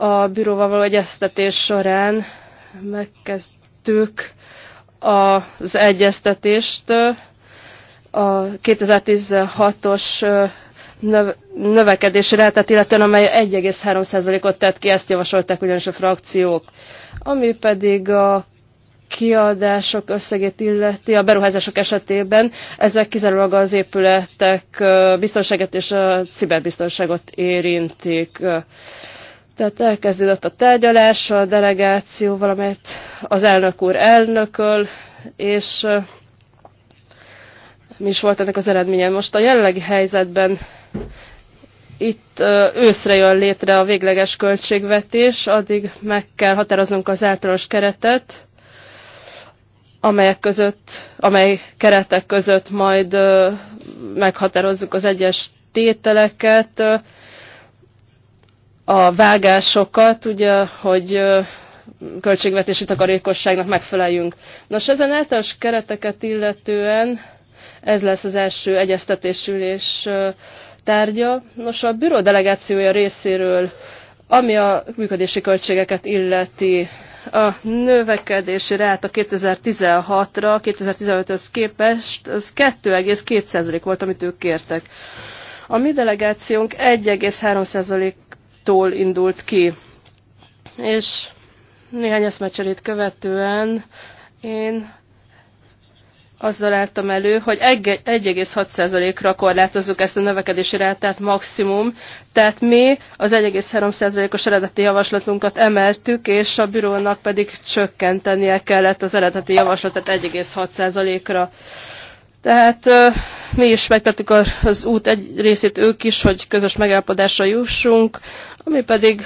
a bíróval való egyeztetés során megkezdtük az egyeztetést a 2016-os növekedési rátát, illetően amely 1,3%-ot tett ki, ezt javasolták ugyanis a frakciók. Ami pedig a kiadások összegét illeti a beruházások esetében, ezek kizárólag az épületek biztonságát és a ciberbiztonságot érintik. Tehát elkezdődött a tárgyalás a delegációval, valamelyet az elnök úr elnököl, és mi is volt ennek az eredménye. Most a jelenlegi helyzetben itt őszre jön létre a végleges költségvetés, addig meg kell határoznunk az általános keretet, amelyek között, amely keretek között majd meghatározzuk az egyes tételeket, a vágásokat, ugye, hogy költségvetési takarékosságnak megfeleljünk. Nos, ezen általános kereteket illetően ez lesz az első egyeztetésülés tárgya. Nos, a büro delegációja részéről, ami a működési költségeket illeti, a növekedési a 2016-ra, 2015-höz képest, az 2,2% volt, amit ők kértek. A mi delegációnk 1,3% tól indult ki. És néhány eszmecserét követően én azzal álltam elő, hogy 1,6%-ra korlátozzuk ezt a növekedési rátát maximum, tehát mi az 1,3%-os eredeti javaslatunkat emeltük, és a bürónak pedig csökkentenie kellett az eredeti javaslatot 1,6%-ra. Tehát mi is megtettük az út egy részét ők is, hogy közös megállapodásra jussunk ami pedig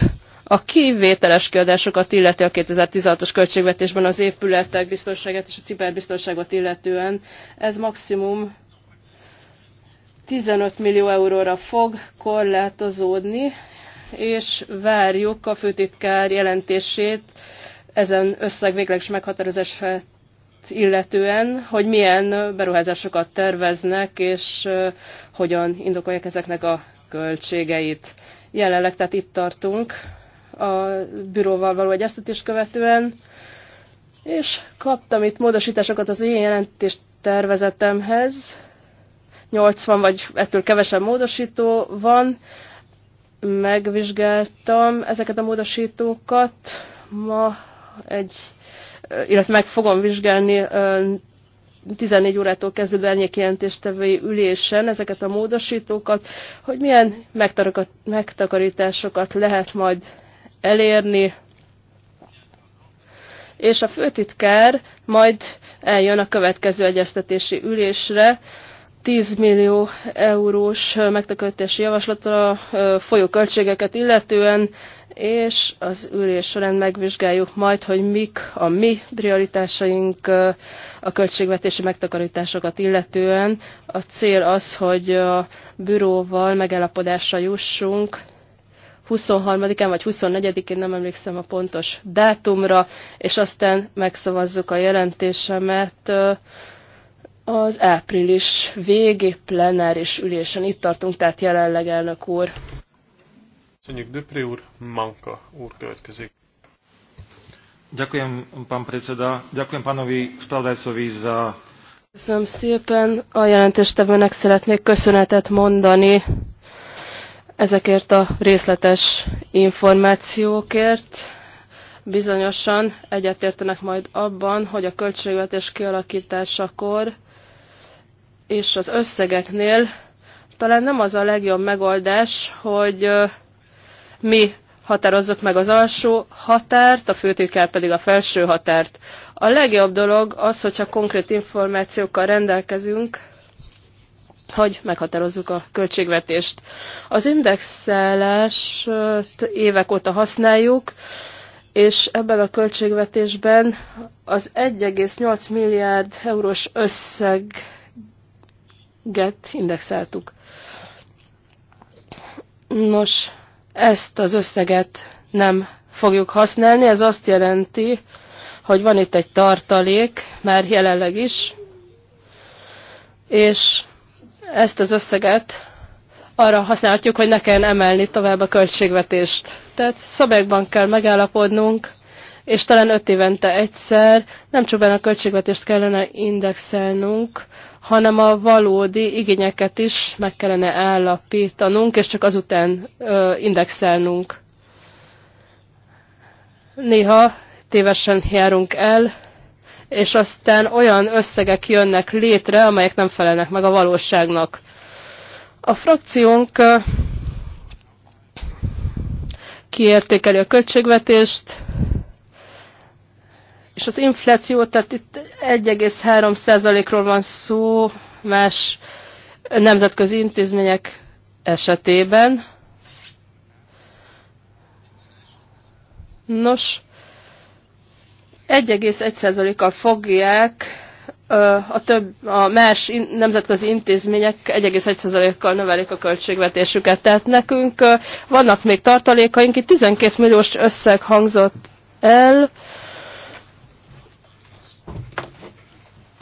a kivételes kiadásokat illeti a 2016-os költségvetésben az épületek biztonságát és a ciberbiztonságot illetően. Ez maximum 15 millió euróra fog korlátozódni, és várjuk a főtitkár jelentését ezen összeg végleges meghatározását illetően, hogy milyen beruházásokat terveznek, és hogyan indokolják ezeknek a költségeit. Jelenleg tehát itt tartunk a büróval való egyeztetést követően, és kaptam itt módosításokat az én jelentést tervezetemhez. 80 vagy ettől kevesebb módosító van. Megvizsgáltam ezeket a módosítókat. Ma egy, illetve meg fogom vizsgálni 14 órától kezdődő elnyékjelentéstevői ülésen ezeket a módosítókat, hogy milyen megtakarításokat lehet majd elérni, és a főtitkár majd eljön a következő egyeztetési ülésre, 10 millió eurós megtakarítási javaslatra folyó költségeket illetően és az ülés során megvizsgáljuk majd, hogy mik a mi prioritásaink a költségvetési megtakarításokat illetően. A cél az, hogy a büróval megállapodásra jussunk 23-án vagy 24-én, nem emlékszem a pontos dátumra, és aztán megszavazzuk a jelentésemet az április végi plenáris ülésen. Itt tartunk, tehát jelenleg elnök úr. Köszönjük Döpré úr, Manka úr következik. Ďakujem, pán predseda. Ďakujem pánovi spravodajcovi za... Köszönöm szépen. A jelentéstevőnek szeretnék köszönetet mondani ezekért a részletes információkért. Bizonyosan egyetértenek majd abban, hogy a költségvetés kialakításakor és az összegeknél talán nem az a legjobb megoldás, hogy mi határozzuk meg az alsó határt, a főtékel pedig a felső határt. A legjobb dolog az, hogyha konkrét információkkal rendelkezünk, hogy meghatározzuk a költségvetést. Az indexelést évek óta használjuk, és ebben a költségvetésben az 1,8 milliárd eurós összeget indexeltük. Nos, ezt az összeget nem fogjuk használni. Ez azt jelenti, hogy van itt egy tartalék, már jelenleg is, és ezt az összeget arra használhatjuk, hogy ne kelljen emelni tovább a költségvetést. Tehát szabályokban kell megállapodnunk, és talán öt évente egyszer nem csak a költségvetést kellene indexelnünk, hanem a valódi igényeket is meg kellene állapítanunk, és csak azután indexelnünk. Néha tévesen járunk el, és aztán olyan összegek jönnek létre, amelyek nem felelnek meg a valóságnak. A frakciónk kiértékeli a költségvetést, és az infláció, tehát itt 1,3%-ról van szó más nemzetközi intézmények esetében. Nos, 1,1%-kal fogják a, több, a más nemzetközi intézmények 1,1%-kal növelik a költségvetésüket. Tehát nekünk vannak még tartalékaink, itt 12 milliós összeg hangzott el,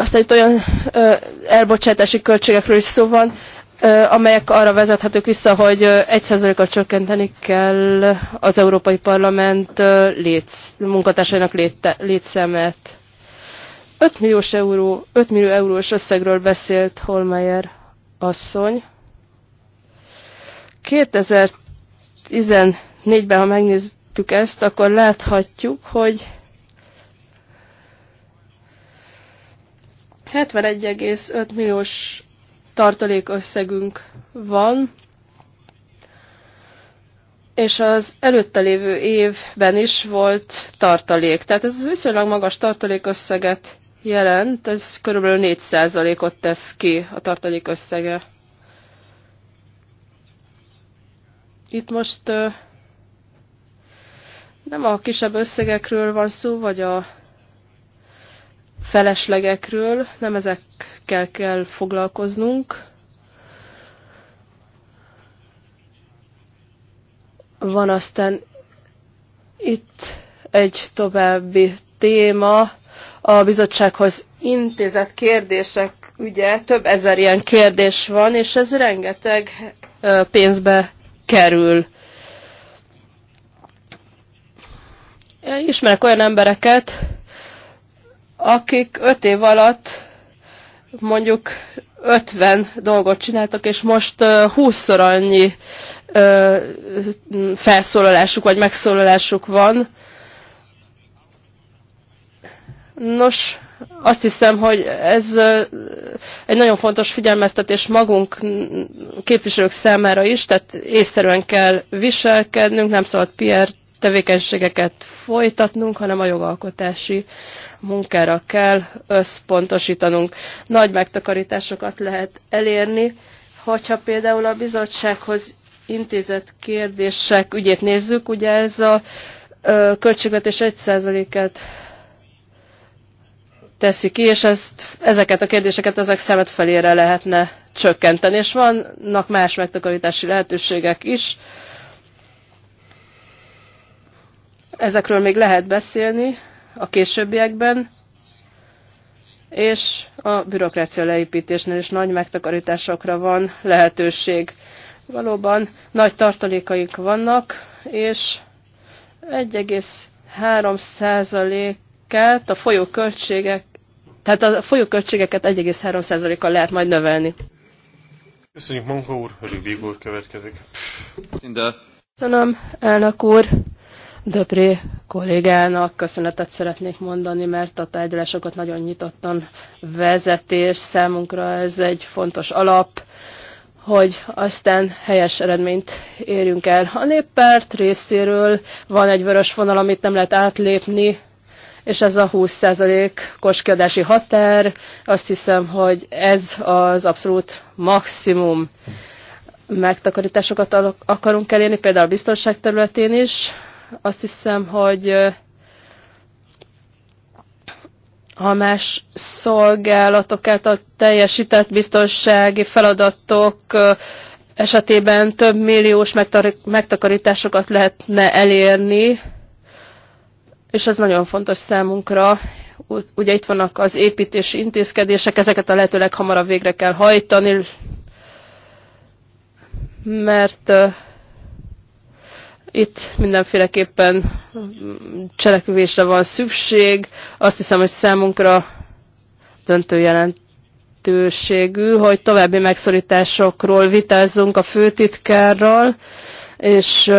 Aztán itt olyan ö, elbocsátási költségekről is szó van, ö, amelyek arra vezethetők vissza, hogy 1%-kal csökkenteni kell az Európai Parlament ö, létsz, munkatársainak léte, létszámát. 5 milliós euró, 5 millió eurós összegről beszélt Holmeyer asszony. 2014-ben, ha megnéztük ezt, akkor láthatjuk, hogy 71,5 milliós tartalék összegünk van, és az előtte lévő évben is volt tartalék. Tehát ez viszonylag magas tartalék összeget jelent, ez körülbelül 4%-ot tesz ki a tartalék összege. Itt most nem a kisebb összegekről van szó, vagy a feleslegekről, nem ezekkel kell foglalkoznunk. Van aztán itt egy további téma, a bizottsághoz intézett kérdések ugye több ezer ilyen kérdés van, és ez rengeteg pénzbe kerül. Ismerek olyan embereket, akik öt év alatt mondjuk 50 dolgot csináltak, és most 20-szor annyi felszólalásuk vagy megszólalásuk van. Nos, azt hiszem, hogy ez egy nagyon fontos figyelmeztetés magunk képviselők számára is, tehát észszerűen kell viselkednünk, nem szabad PR tevékenységeket folytatnunk, hanem a jogalkotási munkára kell összpontosítanunk. Nagy megtakarításokat lehet elérni, hogyha például a bizottsághoz intézett kérdések ügyét nézzük, ugye ez a költségvetés 1%-et teszi ki, és ezt, ezeket a kérdéseket ezek szemet felére lehetne csökkenteni. És vannak más megtakarítási lehetőségek is, Ezekről még lehet beszélni a későbbiekben, és a bürokrácia leépítésnél is nagy megtakarításokra van lehetőség. Valóban nagy tartalékaik vannak, és 1,3%-át a folyóköltségek, tehát a folyóköltségeket 1,3%-kal lehet majd növelni. Köszönjük, Monka úr, Rübig úr következik. Köszönöm, elnök úr. Döpré kollégának köszönetet szeretnék mondani, mert a tárgyalásokat nagyon nyitottan vezetés számunkra ez egy fontos alap, hogy aztán helyes eredményt érjünk el. A néppárt részéről van egy vörös vonal, amit nem lehet átlépni, és ez a 20%-os kiadási határ, azt hiszem, hogy ez az abszolút maximum megtakarításokat akarunk elérni, például a biztonság területén is, azt hiszem, hogy ha más szolgálatok által teljesített biztonsági feladatok esetében több milliós megtakarításokat lehetne elérni, és ez nagyon fontos számunkra. Ugye itt vannak az építési intézkedések, ezeket a lehetőleg hamarabb végre kell hajtani, mert itt mindenféleképpen cselekvésre van szükség. Azt hiszem, hogy számunkra döntő jelentőségű, hogy további megszorításokról vitázzunk a főtitkárral, és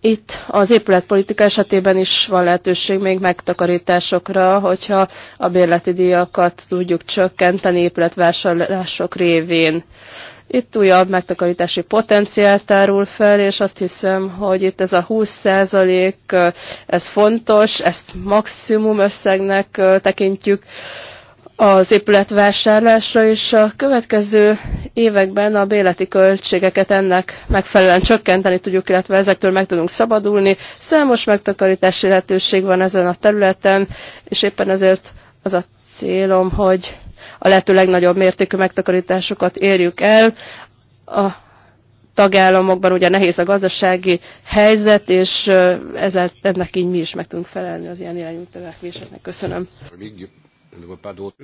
itt az épületpolitika esetében is van lehetőség még megtakarításokra, hogyha a bérleti díjakat tudjuk csökkenteni épületvásárlások révén. Itt újabb megtakarítási potenciál tárul fel, és azt hiszem, hogy itt ez a 20% ez fontos, ezt maximum összegnek tekintjük az épületvásárlásra, és a következő években a béleti költségeket ennek megfelelően csökkenteni tudjuk, illetve ezektől meg tudunk szabadulni. Számos megtakarítási lehetőség van ezen a területen, és éppen ezért az a célom, hogy a lehető legnagyobb mértékű megtakarításokat érjük el. A tagállamokban ugye nehéz a gazdasági helyzet, és ezzel ennek így mi is meg tudunk felelni az ilyen irányú törekvéseknek. Köszönöm.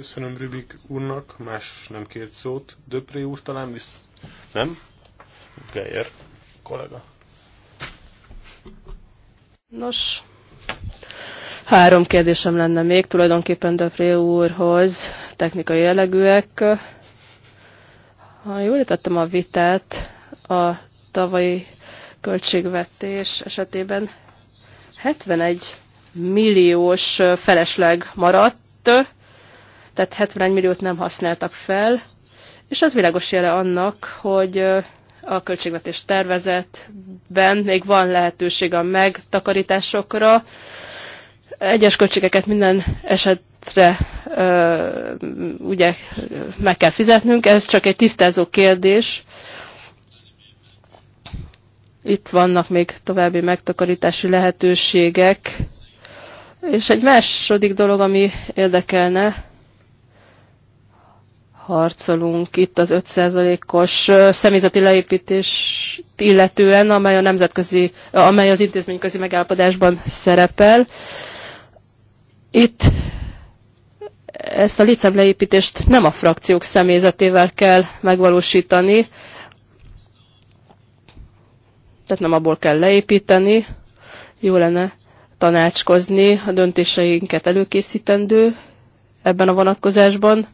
Köszönöm Rübik úrnak, más nem kért szót. Döpré úr talán visz... Nem? Geyer kollega. Nos, Három kérdésem lenne még, tulajdonképpen Döfré úrhoz, technikai jellegűek. Ha jól értettem a vitát, a tavalyi költségvetés esetében 71 milliós felesleg maradt, tehát 71 milliót nem használtak fel, és az világos jele annak, hogy a költségvetés tervezetben még van lehetőség a megtakarításokra, egyes költségeket minden esetre ugye meg kell fizetnünk, ez csak egy tisztázó kérdés. Itt vannak még további megtakarítási lehetőségek. És egy második dolog, ami érdekelne, harcolunk itt az 5%-os személyzeti leépítést illetően, amely a nemzetközi, amely az intézményközi megállapodásban szerepel. Itt ezt a leépítést nem a frakciók személyzetével kell megvalósítani, tehát nem abból kell leépíteni, jó lenne tanácskozni, a döntéseinket előkészítendő ebben a vonatkozásban.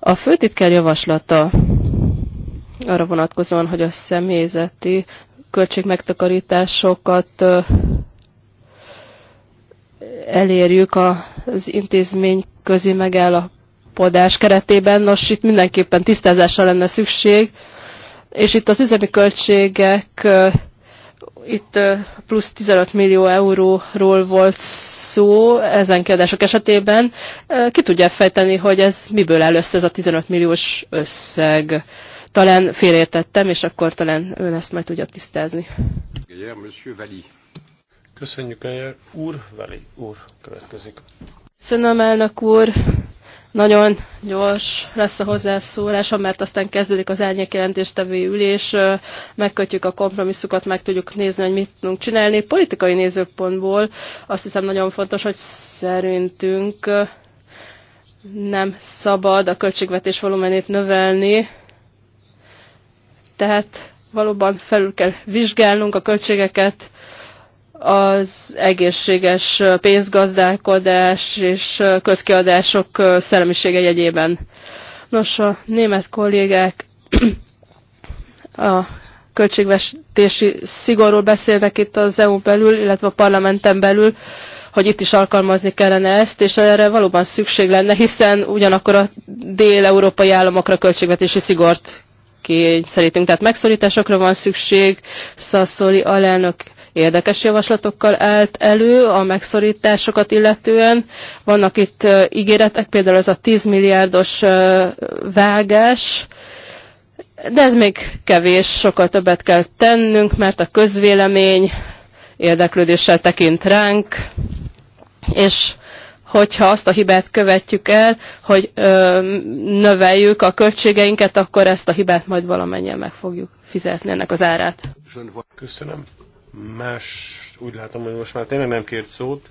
A főtitkár javaslata arra vonatkozóan, hogy a személyzeti költségmegtakarításokat elérjük az intézmény közi megállapodás keretében. Nos, itt mindenképpen tisztázásra lenne szükség, és itt az üzemi költségek itt plusz 15 millió euróról volt szó ezen kiadások esetében. Ki tudja fejteni, hogy ez miből áll össze ez a 15 milliós összeg? Talán félértettem, és akkor talán ön ezt majd tudja tisztázni. Monsieur Valli. Köszönjük el, úr, Veli úr következik. Köszönöm, elnök úr. Nagyon gyors lesz a hozzászólása, mert aztán kezdődik az árnyékjelentéstevő ülés, megkötjük a kompromisszukat, meg tudjuk nézni, hogy mit tudunk csinálni. Politikai nézőpontból azt hiszem nagyon fontos, hogy szerintünk nem szabad a költségvetés volumenét növelni, tehát valóban felül kell vizsgálnunk a költségeket, az egészséges pénzgazdálkodás és közkiadások szellemisége jegyében. Nos, a német kollégák a költségvetési szigorról beszélnek itt az EU belül, illetve a parlamenten belül, hogy itt is alkalmazni kellene ezt, és erre valóban szükség lenne, hiszen ugyanakkor a dél-európai államokra költségvetési szigort kényszerítünk. Tehát megszorításokra van szükség, Szaszoli alelnök érdekes javaslatokkal állt elő a megszorításokat illetően. Vannak itt ígéretek, például ez a 10 milliárdos vágás, de ez még kevés, sokkal többet kell tennünk, mert a közvélemény érdeklődéssel tekint ránk, és hogyha azt a hibát követjük el, hogy ö, növeljük a költségeinket, akkor ezt a hibát majd valamennyien meg fogjuk fizetni ennek az árát. Köszönöm. Más, úgy látom, hogy most már tényleg nem kért szót.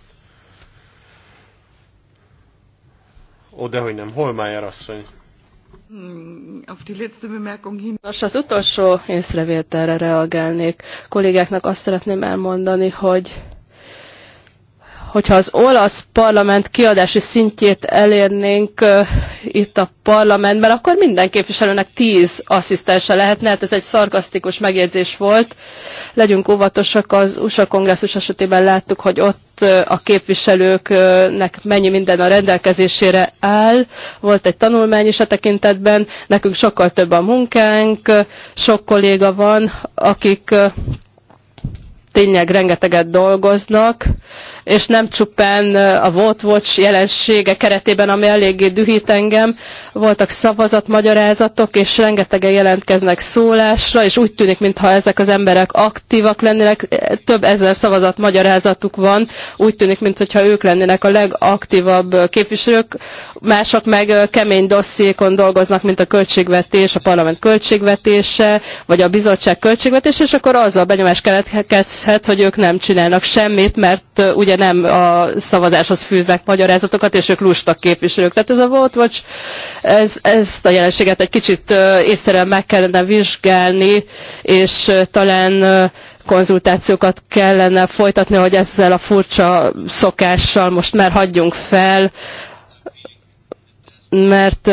Ó, dehogy nem, Holmájer asszony. Mm, Nos, az utolsó észrevételre reagálnék. Kollégáknak azt szeretném elmondani, hogy hogyha az olasz parlament kiadási szintjét elérnénk uh, itt a parlamentben, akkor minden képviselőnek tíz asszisztense lehetne, hát ez egy szarkasztikus megjegyzés volt. Legyünk óvatosak, az USA kongresszus esetében láttuk, hogy ott a képviselőknek mennyi minden a rendelkezésére áll. Volt egy tanulmány is a tekintetben, nekünk sokkal több a munkánk, sok kolléga van, akik tényleg rengeteget dolgoznak, és nem csupán a volt watch jelensége keretében, ami eléggé dühít engem. Voltak szavazatmagyarázatok, és rengetegen jelentkeznek szólásra, és úgy tűnik, mintha ezek az emberek aktívak lennének. Több ezer szavazatmagyarázatuk van, úgy tűnik, mintha ők lennének a legaktívabb képviselők. Mások meg kemény dossziékon dolgoznak, mint a költségvetés, a parlament költségvetése, vagy a bizottság költségvetése, és akkor azzal benyomás keletkezhet, hogy ők nem csinálnak semmit, mert ugye ugye nem a szavazáshoz fűznek magyarázatokat, és ők lustak képviselők. Tehát ez a volt, vagy ez, ezt a jelenséget egy kicsit észszerűen meg kellene vizsgálni, és talán konzultációkat kellene folytatni, hogy ezzel a furcsa szokással most már hagyjunk fel, mert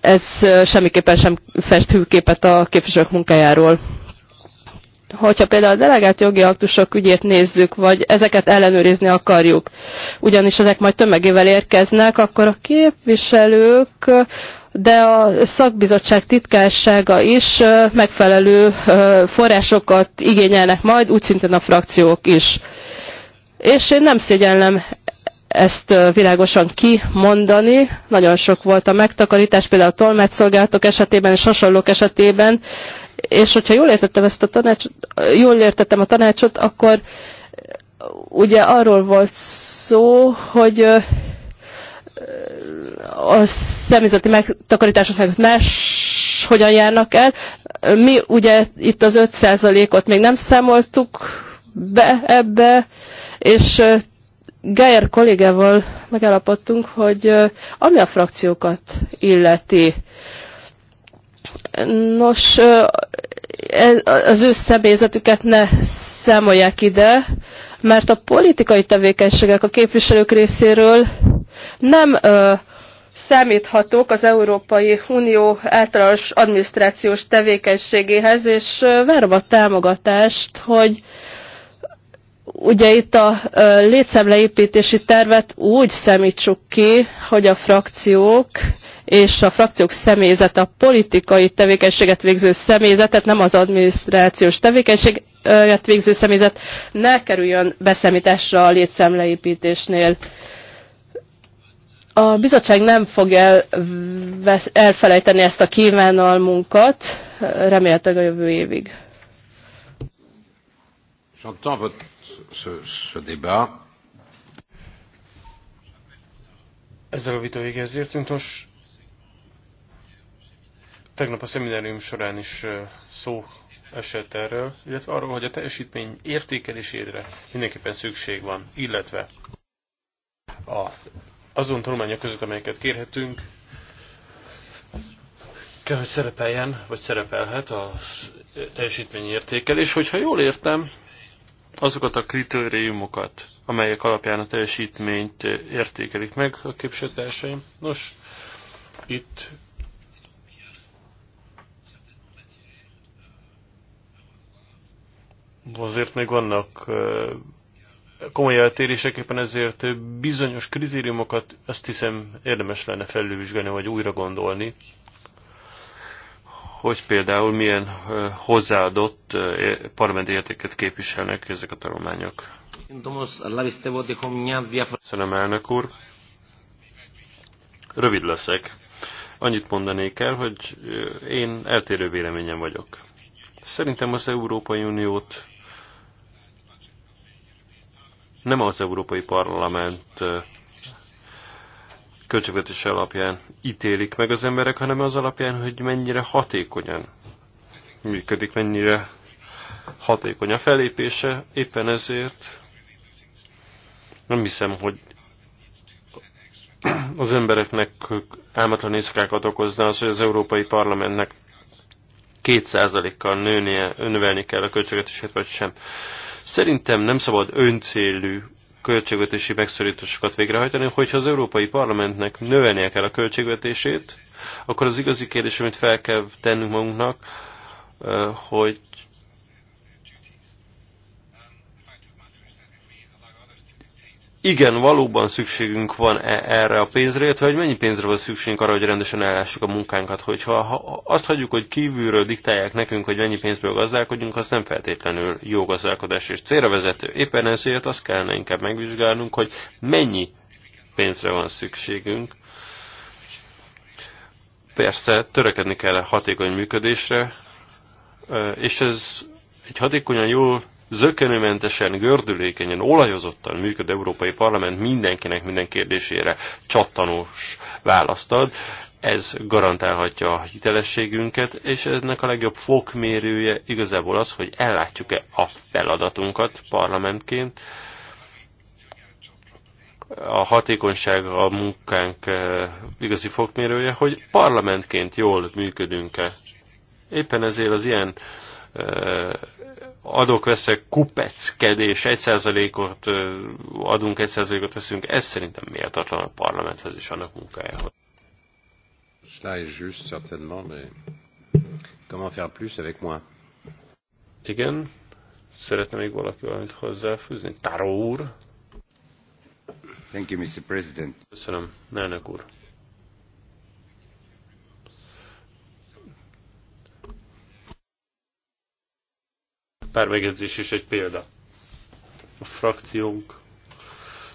ez semmiképpen sem fest hűképet a képviselők munkájáról hogyha például a delegált jogi aktusok ügyét nézzük, vagy ezeket ellenőrizni akarjuk, ugyanis ezek majd tömegével érkeznek, akkor a képviselők de a szakbizottság titkársága is megfelelő forrásokat igényelnek majd, úgy szintén a frakciók is. És én nem szégyellem ezt világosan kimondani. Nagyon sok volt a megtakarítás, például a tolmátszolgálatok esetében és hasonlók esetében, és hogyha jól értettem ezt a tanácsot, jól értettem a tanácsot, akkor uh, ugye arról volt szó, hogy uh, uh, a személyzeti meg más hogyan járnak el. Mi ugye itt az 5%-ot még nem számoltuk be ebbe, és Geyer kollégával megállapodtunk, hogy ami a frakciókat illeti, Nos, e, az ő személyzetüket ne számolják ide, mert a politikai tevékenységek a képviselők részéről nem ö, számíthatók az Európai Unió általános adminisztrációs tevékenységéhez, és várom a támogatást, hogy ugye itt a létszemleépítési tervet úgy szemítsuk ki, hogy a frakciók és a frakciók személyzet, a politikai tevékenységet végző személyzetet, nem az adminisztrációs tevékenységet végző személyzet ne kerüljön beszámításra a létszemleépítésnél. A bizottság nem fog el, elfelejteni ezt a kívánalmunkat, remélhetőleg a jövő évig. J'entends votre ce, ce débat. Ezzel a vita végéhez értünk. most tegnap a szeminárium során is szó esett erről, illetve arról, hogy a teljesítmény értékelésére mindenképpen szükség van, illetve a, azon tanulmányok között, amelyeket kérhetünk, kell, hogy szerepeljen, vagy szerepelhet a értékelés. Hogyha jól értem, azokat a kritériumokat, amelyek alapján a teljesítményt értékelik meg a képviselőtársaim. Nos, itt azért még vannak komoly eltérések, éppen ezért bizonyos kritériumokat azt hiszem érdemes lenne felülvizsgálni, vagy újra gondolni hogy például milyen hozzáadott parlamenti értéket képviselnek ezek a tanulmányok. Köszönöm, elnök úr. Rövid leszek. Annyit mondanék el, hogy én eltérő véleményem vagyok. Szerintem az Európai Uniót nem az Európai Parlament költségvetés alapján ítélik meg az emberek, hanem az alapján, hogy mennyire hatékonyan működik, mennyire hatékony a felépése. Éppen ezért nem hiszem, hogy az embereknek álmatlan éjszakákat okozna az, hogy az Európai Parlamentnek kétszázalékkal nőnie, növelni kell a költségvetését, vagy sem. Szerintem nem szabad öncélű költségvetési megszorításokat végrehajtani, hogyha az Európai Parlamentnek növelnie kell a költségvetését, akkor az igazi kérdés, amit fel kell tennünk magunknak, hogy igen, valóban szükségünk van -e erre a pénzre, illetve hogy mennyi pénzre van szükségünk arra, hogy rendesen ellássuk a munkánkat. Hogyha ha azt hagyjuk, hogy kívülről diktálják nekünk, hogy mennyi pénzből gazdálkodjunk, az nem feltétlenül jó gazdálkodás és célra vezető. Éppen ezért azt kellene inkább megvizsgálnunk, hogy mennyi pénzre van szükségünk. Persze, törekedni kell a hatékony működésre, és ez egy hatékonyan jól zökenőmentesen, gördülékenyen, olajozottan működő Európai Parlament mindenkinek minden kérdésére csattanós választ ad. Ez garantálhatja a hitelességünket, és ennek a legjobb fokmérője igazából az, hogy ellátjuk-e a feladatunkat parlamentként, a hatékonyság a munkánk eh, igazi fokmérője, hogy parlamentként jól működünk-e. Éppen ezért az ilyen adok-veszek kupeckedés, 1%-ot adunk, 1%-ot veszünk, ez szerintem méltatlan a parlamenthez és annak munkájához. Cela est juste, certainement, mais comment faire plus avec moi? Igen, szeretne még valaki valamit hozzáfűzni? Táró úr? Thank you, Mr. President. Köszönöm, elnök úr. pár megjegyzés és egy példa. A frakciónk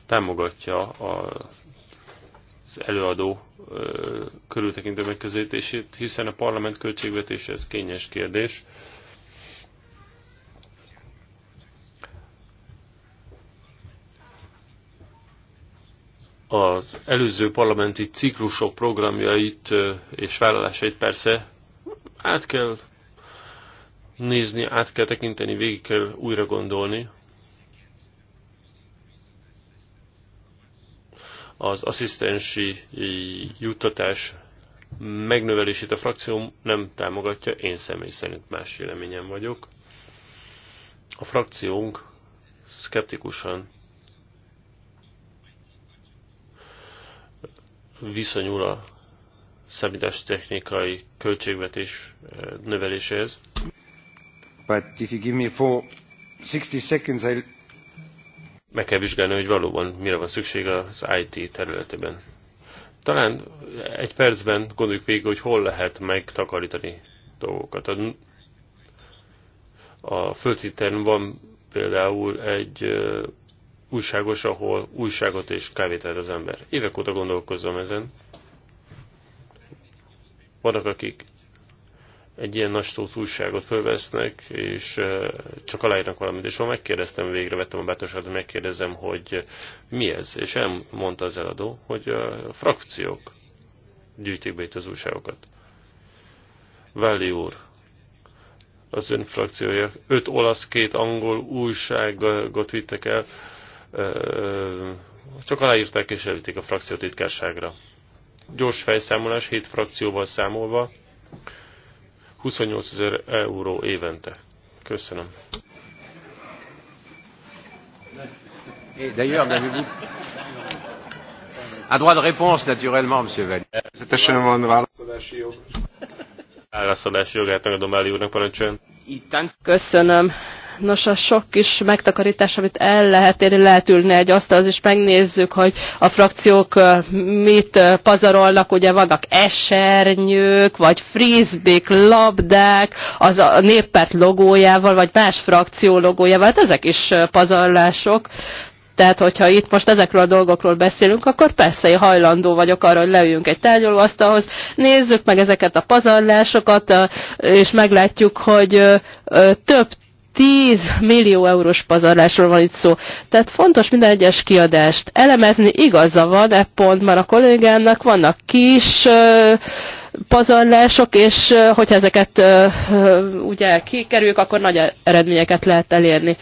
támogatja a az előadó körültekintő megközelítését, hiszen a parlament költségvetése ez kényes kérdés. Az előző parlamenti ciklusok programjait és vállalásait persze át kell nézni, át kell tekinteni, végig kell újra gondolni. Az asszisztensi juttatás megnövelését a frakció nem támogatja, én személy szerint más véleményem vagyok. A frakciónk szkeptikusan viszonyul a számítástechnikai költségvetés eh, növeléséhez. Meg kell vizsgálni, hogy valóban mire van szükség az IT területében. Talán egy percben gondoljuk végig, hogy hol lehet megtakarítani dolgokat. A, a földszinten van például egy uh, újságos, ahol újságot és kávét ad az ember. Évek óta gondolkozom ezen. Vannak, akik egy ilyen nagy újságot fölvesznek, és csak aláírnak valamit, és ha megkérdeztem végre, vettem a bátorságot, hogy megkérdezem, hogy mi ez, és elmondta az eladó, hogy a frakciók gyűjtik be itt az újságokat. Valli úr, az ön frakciója, öt olasz, két angol újságot vittek el, csak aláírták és elvitték a frakció titkárságra. Gyors fejszámolás, hét frakcióval számolva, 28 ezer euró évente. Köszönöm. A droit de réponse, naturellement, monsieur Valli. Köszönöm válaszolási Válaszolási jogát megadom Valli úrnak, parancsoljon. Köszönöm, Nos, a sok kis megtakarítás, amit el lehet érni, lehet ülni egy asztalhoz, és megnézzük, hogy a frakciók mit pazarolnak. Ugye vannak esernyők, vagy frisbik, labdák, az a néppert logójával, vagy más frakció logójával. Hát ezek is pazarlások. Tehát, hogyha itt most ezekről a dolgokról beszélünk, akkor persze én hajlandó vagyok arra, hogy leüljünk egy tárgyalóasztalhoz, nézzük meg ezeket a pazarlásokat, és meglátjuk, hogy több 10 millió eurós pazarlásról van itt szó. Tehát fontos minden egyes kiadást elemezni, igaza van, e már a kollégának vannak kis ö, pazarlások, és hogyha ezeket ö, ugye kikerüljük, akkor nagy eredményeket lehet elérni.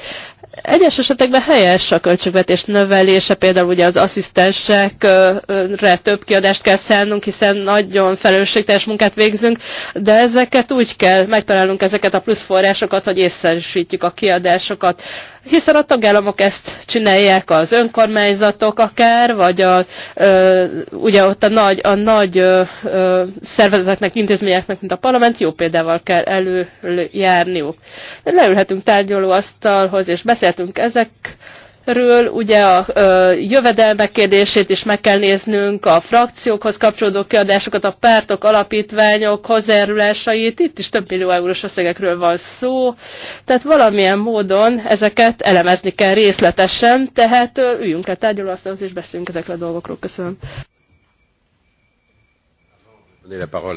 Egyes esetekben helyes a költségvetés növelése, például ugye az asszisztensekre több kiadást kell szánnunk, hiszen nagyon felelősségteljes munkát végzünk, de ezeket úgy kell, megtalálnunk ezeket a plusz forrásokat, hogy észszerűsítjük a kiadásokat hiszen a tagállamok ezt csinálják az önkormányzatok akár, vagy a, ö, ugye ott a nagy, a nagy ö, ö, szervezeteknek, intézményeknek, mint a parlament, jó példával kell előjárniuk. Leülhetünk tárgyalóasztalhoz, és beszéltünk ezek ről ugye a ö, jövedelmek kérdését is meg kell néznünk, a frakciókhoz kapcsolódó kiadásokat, a pártok, alapítványok hozzájárulásait, itt is több millió eurós összegekről van szó, tehát valamilyen módon ezeket elemezni kell részletesen, tehát ö, üljünk le tárgyalóasztalhoz és beszéljünk ezekről a dolgokról. Köszönöm. Akkor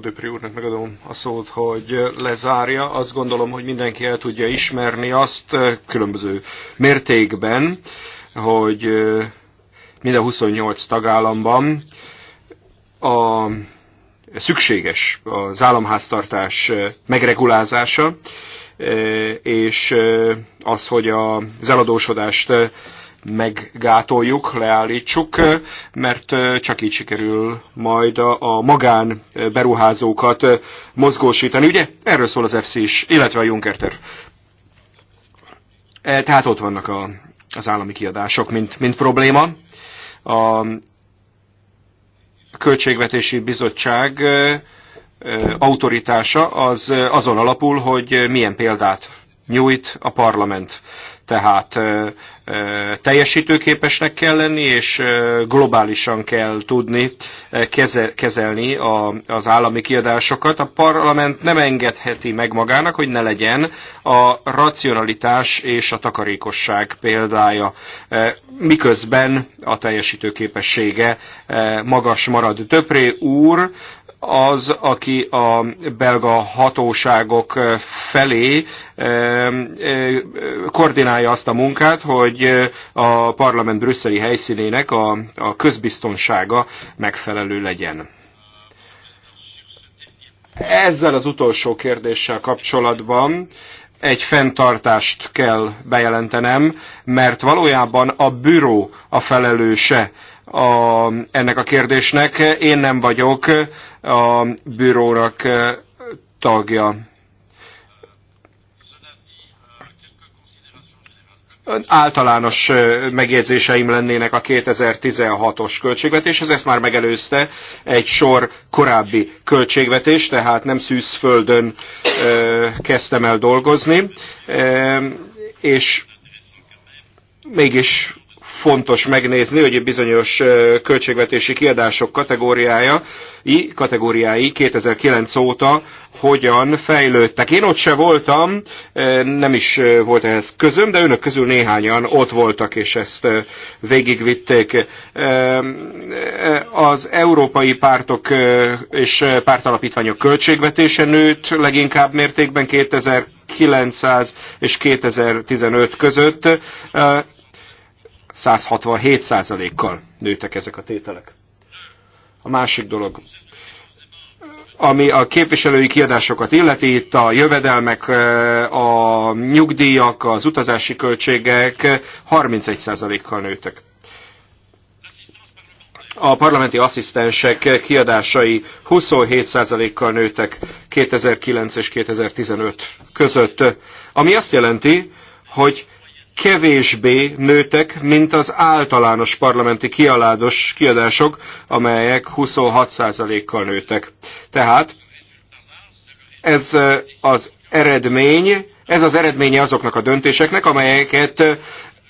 Döpré úrnak megadom a szót, hogy lezárja. Azt gondolom, hogy mindenki el tudja ismerni azt eh, különböző mértékben, hogy eh, a 28 tagállamban a szükséges az államháztartás eh, megregulázása, és az, hogy az eladósodást meggátoljuk, leállítsuk, mert csak így sikerül majd a, a magán beruházókat mozgósítani. Ugye erről szól az FC is, illetve a Juncker terv. E, tehát ott vannak a, az állami kiadások, mint, mint probléma. A Költségvetési Bizottság autoritása az azon alapul, hogy milyen példát nyújt a parlament. Tehát teljesítőképesnek kell lenni, és globálisan kell tudni kezelni az állami kiadásokat. A parlament nem engedheti meg magának, hogy ne legyen a racionalitás és a takarékosság példája, miközben a teljesítőképessége magas marad. Töpré úr az, aki a belga hatóságok felé koordinálja azt a munkát, hogy a parlament brüsszeli helyszínének a, a közbiztonsága megfelelő legyen. Ezzel az utolsó kérdéssel kapcsolatban egy fenntartást kell bejelentenem, mert valójában a büró a felelőse a, ennek a kérdésnek. Én nem vagyok a bürónak tagja. általános megjegyzéseim lennének a 2016-os költségvetéshez, ezt már megelőzte egy sor korábbi költségvetés, tehát nem szűzföldön kezdtem el dolgozni, és mégis fontos megnézni, hogy bizonyos költségvetési kiadások kategóriája, kategóriái 2009 óta hogyan fejlődtek. Én ott se voltam, nem is volt ehhez közöm, de önök közül néhányan ott voltak, és ezt végigvitték. Az európai pártok és pártalapítványok költségvetése nőtt leginkább mértékben 2000 900 és 2015 között. 167%-kal nőtek ezek a tételek. A másik dolog, ami a képviselői kiadásokat illeti, itt a jövedelmek, a nyugdíjak, az utazási költségek 31%-kal nőtek. A parlamenti asszisztensek kiadásai 27%-kal nőtek 2009 és 2015 között, ami azt jelenti, hogy kevésbé nőtek, mint az általános parlamenti kialádos kiadások, amelyek 26%-kal nőtek. Tehát ez az eredmény, ez az eredménye azoknak a döntéseknek, amelyeket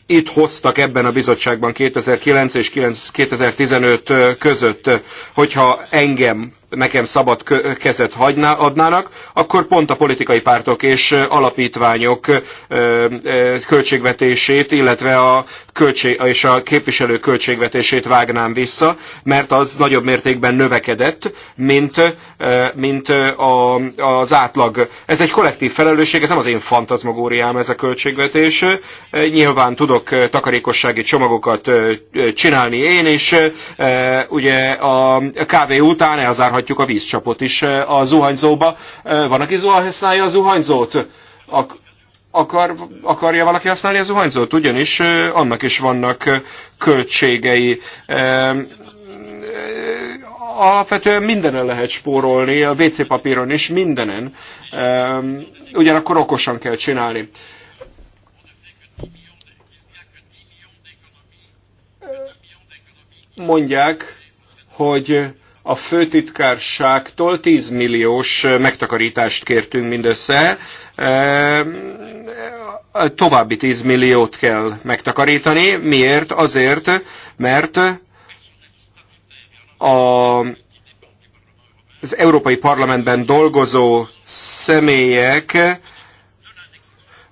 itt hoztak ebben a bizottságban 2009 és 2015 között, hogyha engem nekem szabad kezet hagyná, adnának, akkor pont a politikai pártok és alapítványok költségvetését, illetve a, költség, és a képviselő költségvetését vágnám vissza, mert az nagyobb mértékben növekedett, mint, mint a, az átlag. Ez egy kollektív felelősség, ez nem az én fantazmagóriám ez a költségvetés. Nyilván tudok takarékossági csomagokat csinálni én is, ugye a kávé után elzárhatjuk belerakhatjuk a vízcsapot is a zuhanyzóba. Van, aki használja a zuhanyzót? Ak akar, akarja valaki használni a zuhanyzót? Ugyanis annak is vannak költségei alapvetően mindenen lehet spórolni, a WC papíron is, mindenen. Ugyanakkor okosan kell csinálni. Mondják, hogy a főtitkárságtól 10 milliós megtakarítást kértünk mindössze. Ehm, további 10 milliót kell megtakarítani. Miért? Azért, mert a, az Európai Parlamentben dolgozó személyek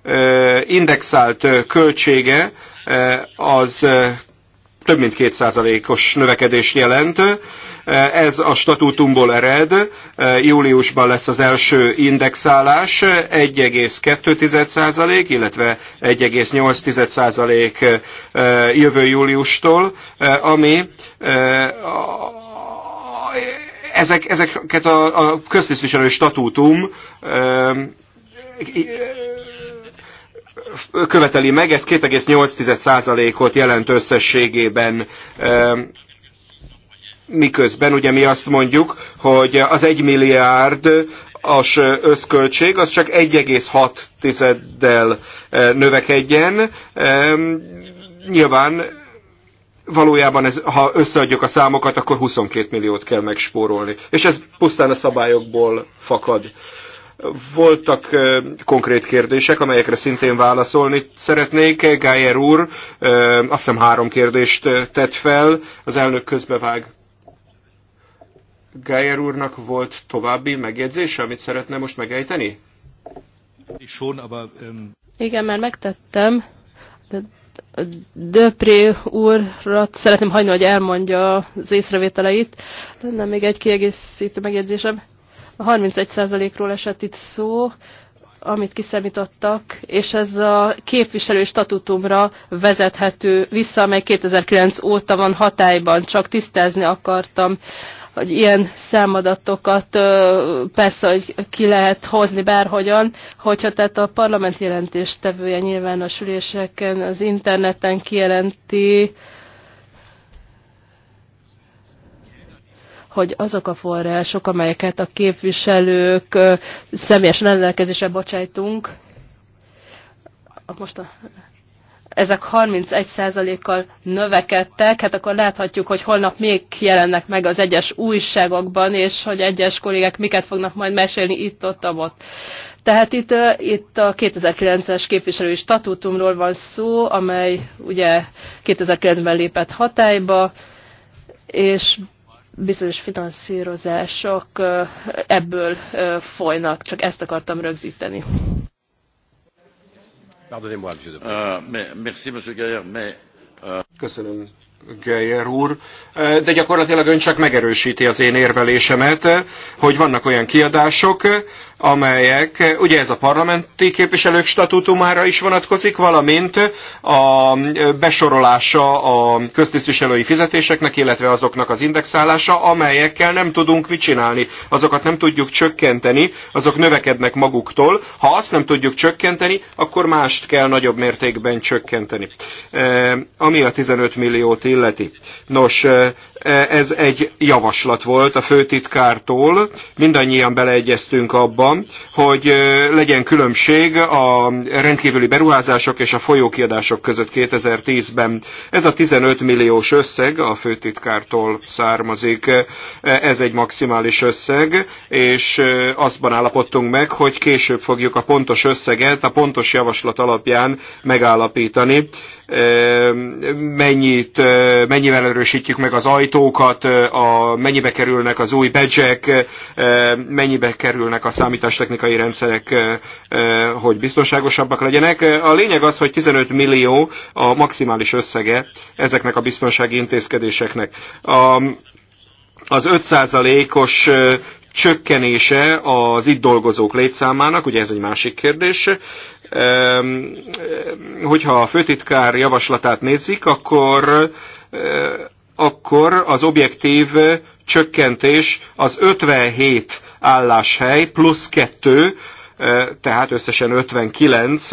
ehm, indexált költsége ehm, az több mint kétszázalékos növekedést jelent ez a statútumból ered, júliusban lesz az első indexálás, 1,2%, illetve 1,8% jövő júliustól, ami ezek, ezeket a, a köztisztviselő statútum követeli meg, ez 2,8%-ot jelent összességében miközben ugye mi azt mondjuk, hogy az egy milliárd az összköltség, az csak 16 tizeddel e, növekedjen. E, nyilván valójában ez, ha összeadjuk a számokat, akkor 22 milliót kell megspórolni. És ez pusztán a szabályokból fakad. Voltak e, konkrét kérdések, amelyekre szintén válaszolni szeretnék. Gájer úr azt hiszem három kérdést tett fel, az elnök közbevág. Geyer úrnak volt további megjegyzése, amit szeretne most megejteni? Ähm, Igen, már megtettem. Döpré úrat szeretném hagyni, hogy elmondja az észrevételeit. Lenne még egy kiegészítő megjegyzésem. A 31%-ról esett itt szó, amit kiszemítottak, és ez a képviselő statutumra vezethető vissza, amely 2009 óta van hatályban, csak tisztázni akartam hogy ilyen számadatokat persze, hogy ki lehet hozni bárhogyan, hogyha tehát a parlament jelentéstevője nyilván a üléseken, az interneten kijelenti, hogy azok a források, amelyeket a képviselők személyes rendelkezésre bocsájtunk, most a ezek 31%-kal növekedtek, hát akkor láthatjuk, hogy holnap még jelennek meg az egyes újságokban, és hogy egyes kollégek miket fognak majd mesélni itt-ott-ott. Tehát itt, itt a 2009-es képviselői statútumról van szó, amely ugye 2009-ben lépett hatályba, és bizonyos finanszírozások ebből folynak, csak ezt akartam rögzíteni. Köszönöm, moi monsieur Depré. Uh, merci, monsieur Gaillard, mais... Uh... Geyer úr, de gyakorlatilag ön csak megerősíti az én érvelésemet, hogy vannak olyan kiadások, amelyek, ugye ez a parlamenti képviselők statutumára is vonatkozik, valamint a besorolása a köztisztviselői fizetéseknek, illetve azoknak az indexálása, amelyekkel nem tudunk mit csinálni. Azokat nem tudjuk csökkenteni, azok növekednek maguktól. Ha azt nem tudjuk csökkenteni, akkor mást kell nagyobb mértékben csökkenteni. ami a 15 milliót illeti. Nos, ez egy javaslat volt a főtitkártól, mindannyian beleegyeztünk abban, hogy legyen különbség a rendkívüli beruházások és a folyókiadások között 2010-ben. Ez a 15 milliós összeg a főtitkártól származik, ez egy maximális összeg, és azban állapodtunk meg, hogy később fogjuk a pontos összeget a pontos javaslat alapján megállapítani, mennyit, mennyivel erősítjük meg az ajtót, számítókat, a, mennyibe kerülnek az új badge mennyibe kerülnek a számítástechnikai rendszerek, hogy biztonságosabbak legyenek. A lényeg az, hogy 15 millió a maximális összege ezeknek a biztonsági intézkedéseknek. A, az 5%-os csökkenése az itt dolgozók létszámának, ugye ez egy másik kérdés. Hogyha a főtitkár javaslatát nézzük, akkor akkor az objektív csökkentés az 57 álláshely plusz 2, tehát összesen 59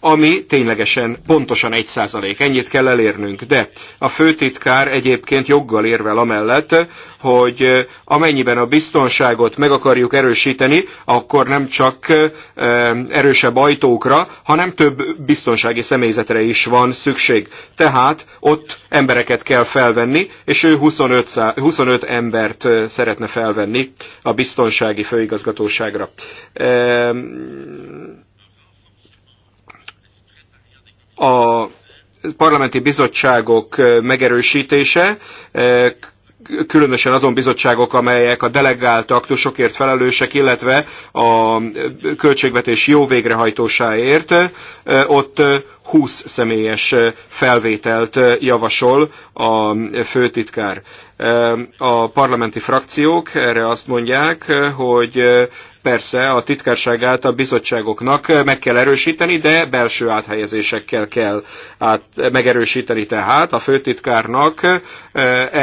ami ténylegesen pontosan 1 százalék. Ennyit kell elérnünk. De a főtitkár egyébként joggal érvel amellett, hogy eh, amennyiben a biztonságot meg akarjuk erősíteni, akkor nem csak eh, erősebb ajtókra, hanem több biztonsági személyzetre is van szükség. Tehát ott embereket kell felvenni, és ő 25, 25 embert eh, szeretne felvenni a biztonsági főigazgatóságra ehm, a parlamenti bizottságok eh, megerősítése, eh, különösen azon bizottságok, amelyek a delegált aktusokért felelősek, illetve a költségvetés jó végrehajtósáért, eh, ott 20 személyes felvételt javasol a főtitkár. A parlamenti frakciók erre azt mondják, hogy Persze a titkárságát a bizottságoknak meg kell erősíteni, de belső áthelyezésekkel kell át, megerősíteni tehát. A főtitkárnak eh,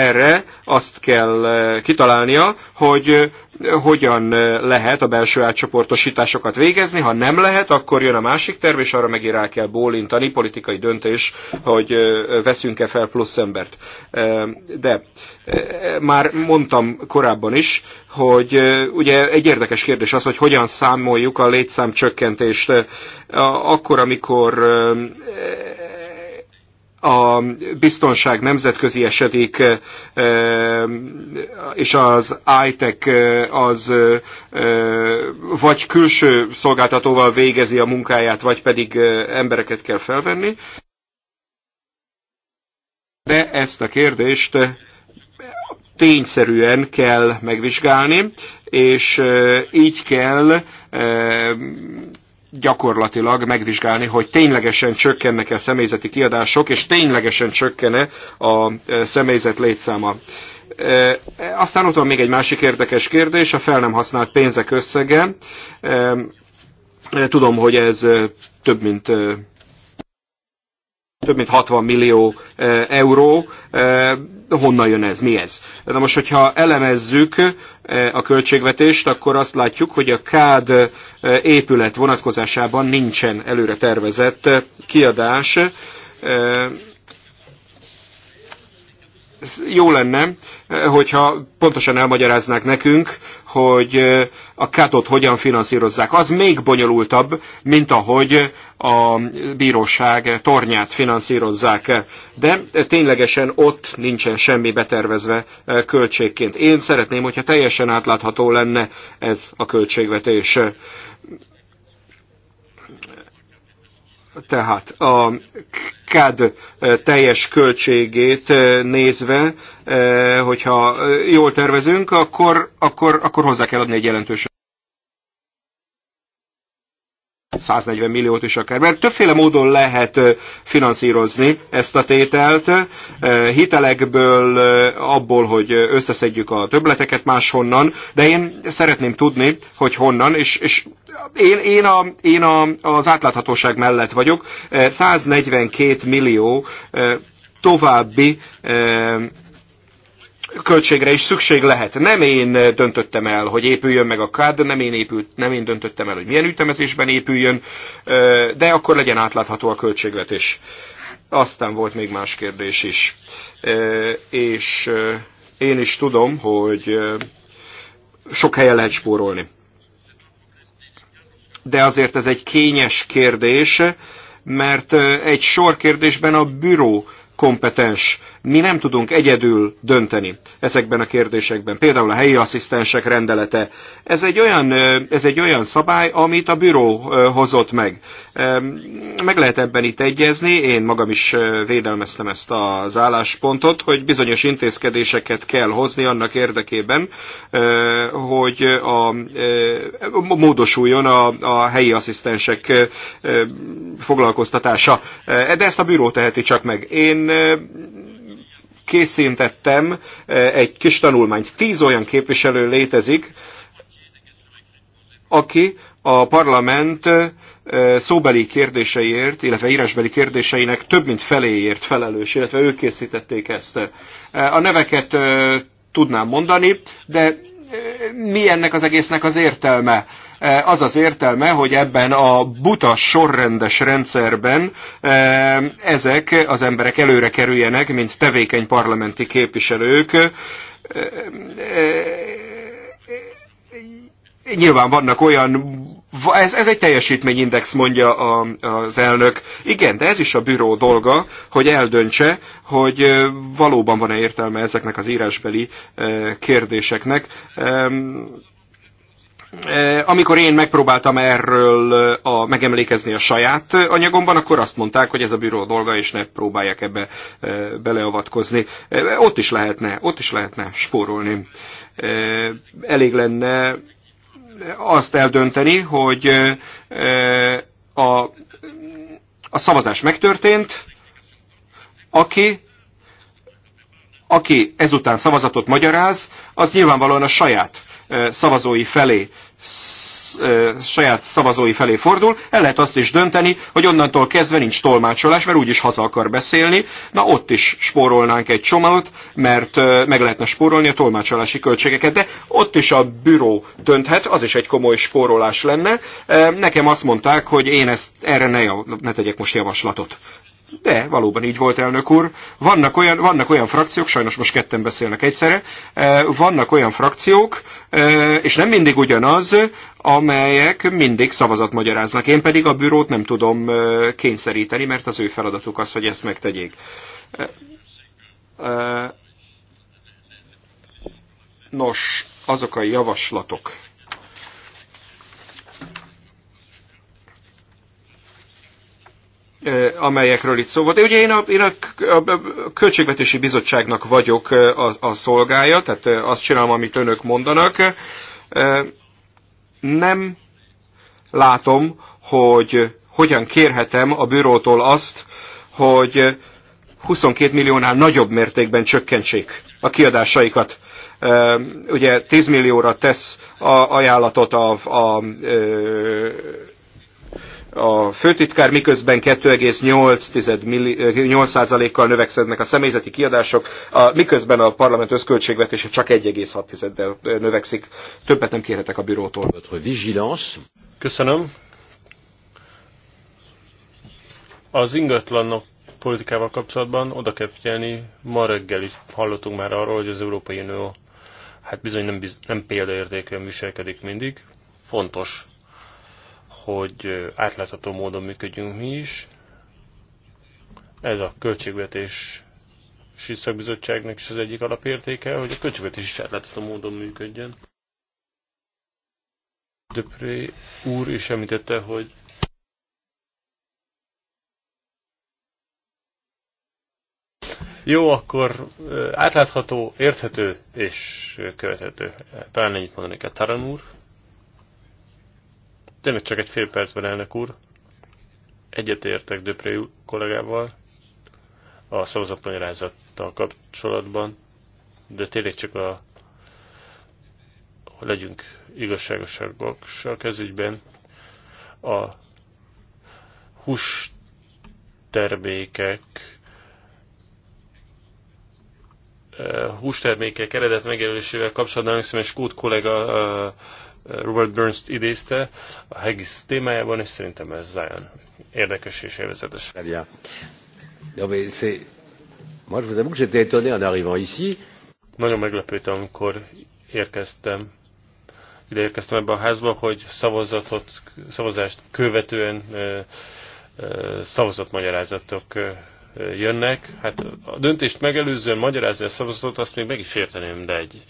erre azt kell eh, kitalálnia, hogy eh, hogyan lehet a belső átcsoportosításokat végezni, ha nem lehet, akkor jön a másik terv, és arra megint rá kell bólintani, politikai döntés, hogy veszünk-e fel plusz embert. De már mondtam korábban is, hogy ugye egy érdekes kérdés az, hogy hogyan számoljuk a létszám csökkentést. Akkor, amikor a biztonság nemzetközi esedik, és az ITEC az vagy külső szolgáltatóval végezi a munkáját, vagy pedig embereket kell felvenni. De ezt a kérdést tényszerűen kell megvizsgálni, és így kell gyakorlatilag megvizsgálni, hogy ténylegesen csökkennek-e a személyzeti kiadások, és ténylegesen csökkene a személyzet létszáma. Aztán ott van még egy másik érdekes kérdés, a fel nem használt pénzek összege. Tudom, hogy ez több mint több mint 60 millió e, euró. E, honnan jön ez? Mi ez? Na most, hogyha elemezzük e, a költségvetést, akkor azt látjuk, hogy a KÁD épület vonatkozásában nincsen előre tervezett kiadás jó lenne, eh, hogyha pontosan elmagyaráznák nekünk, hogy eh, a kátot hogyan finanszírozzák. Az még bonyolultabb, mint ahogy a bíróság tornyát finanszírozzák, de ténylegesen ott nincsen semmi betervezve eh, költségként. Én szeretném, hogyha teljesen átlátható lenne ez a költségvetés tehát a CAD teljes költségét eh, nézve, eh, hogyha eh, jól tervezünk, akkor, akkor, akkor hozzá kell adni egy jelentős 140 milliót is akár, mert többféle módon lehet finanszírozni ezt a tételt, hitelekből, abból, hogy összeszedjük a töbleteket máshonnan, de én szeretném tudni, hogy honnan, és, és én, én, a, én a, az átláthatóság mellett vagyok, 142 millió további költségre is szükség lehet. Nem én eh, döntöttem el, hogy épüljön meg a kád, nem én, épült, nem én döntöttem el, hogy milyen ütemezésben épüljön, eh, de akkor legyen átlátható a költségvetés. Aztán volt még más kérdés is. Eh, és én is tudom, hogy sok helyen lehet spórolni. De azért ez egy kényes kérdés, mert egy sor kérdésben a büró kompetens mi nem tudunk egyedül dönteni ezekben a kérdésekben. Például a helyi asszisztensek rendelete. Ez egy olyan, ez egy olyan szabály, amit a büró hozott meg. Meg lehet ebben itt egyezni. Én magam is védelmeztem ezt az álláspontot, hogy bizonyos intézkedéseket kell hozni annak érdekében, hogy a, módosuljon a, a helyi asszisztensek foglalkoztatása. De ezt a büró teheti csak meg. Én készítettem eh, egy kis tanulmányt. Tíz olyan képviselő létezik, aki a parlament eh, szóbeli kérdéseiért, illetve írásbeli kérdéseinek több mint feléért felelős, illetve ők készítették ezt. Eh, a neveket tudnám mondani, de mi ennek az egésznek az értelme? Eh, az az értelme, hogy ebben a buta sorrendes rendszerben eh, ezek az emberek előre kerüljenek, mint tevékeny parlamenti képviselők. Eh, nyilván vannak olyan, ez, ez egy teljesítményindex, mondja a, az elnök. Igen, de ez is a büró dolga, hogy eldöntse, hogy valóban van-e értelme ezeknek az írásbeli kérdéseknek Eh, amikor én megpróbáltam erről eh, a, megemlékezni a saját eh, anyagomban, akkor azt mondták, hogy ez a bíró dolga, és ne próbálják ebbe beleavatkozni. Ott is lehetne, ott is lehetne spórolni. Elég lenne azt eldönteni, hogy a, a szavazás megtörtént, aki aki ezután szavazatot magyaráz, az nyilvánvalóan a saját szavazói felé saját szavazói felé fordul, el lehet azt is dönteni, hogy onnantól kezdve nincs tolmácsolás, mert úgyis haza akar beszélni, na ott is spórolnánk egy csomót, mert meg lehetne spórolni a tolmácsolási költségeket, de ott is a büró dönthet, az is egy komoly spórolás lenne. Nekem azt mondták, hogy én ezt erre ne, ne tegyek most javaslatot. De, valóban így volt, elnök úr. Vannak olyan, vannak olyan frakciók, sajnos most ketten beszélnek egyszerre, eh, vannak olyan frakciók, eh, és nem mindig ugyanaz, amelyek mindig szavazat magyaráznak. Én pedig a bürót nem tudom eh, kényszeríteni, mert az ő feladatuk az, hogy ezt megtegyék. Nos, azok a javaslatok, amelyekről itt szó volt. Ugye én a, én a, Költségvetési Bizottságnak vagyok a, a szolgája, tehát azt csinálom, amit önök mondanak. Nem látom, hogy hogyan kérhetem a bürótól azt, hogy 22 milliónál nagyobb mértékben csökkentsék a kiadásaikat. Ugye 10 millióra tesz a ajánlatot a, a, a a főtitkár, miközben 2,8%-kal növekszednek a személyzeti kiadások, a, miközben a parlament összköltségvetése csak 1,6%-del növekszik. Többet nem kérhetek a bürótól. Köszönöm. Az ingatlanok politikával kapcsolatban oda kell figyelni. Ma reggel is hallottunk már arról, hogy az Európai Unió hát bizony nem, biz, nem példaértékűen viselkedik mindig. Fontos hogy átlátható módon működjünk mi is. Ez a költségvetés szakbizottságnak is az egyik alapértéke, hogy a költségvetés is átlátható módon működjön. Döpré úr is említette, hogy Jó, akkor átlátható, érthető és követhető. Talán ennyit mondanék a Taran úr. Tényleg csak egy fél percben, elnök úr. Egyetértek Döpré kollégával a szavazatmagyarázattal kapcsolatban, de tényleg csak a legyünk igazságosak a kezügyben. A hús termékek eh, hústermékek eredet megjelölésével kapcsolatban hiszem, egy skót kollega eh, Robert burns idézte a Haggis témájában, és szerintem ez nagyon érdekes és élvezetes. Nagyon meglepődtem, amikor érkeztem ide érkeztem ebbe a házba, hogy szavazatot, szavazást követően szavazott magyarázatok jönnek. Hát a döntést megelőzően magyarázni a szavazatot, azt még meg is érteném, de egy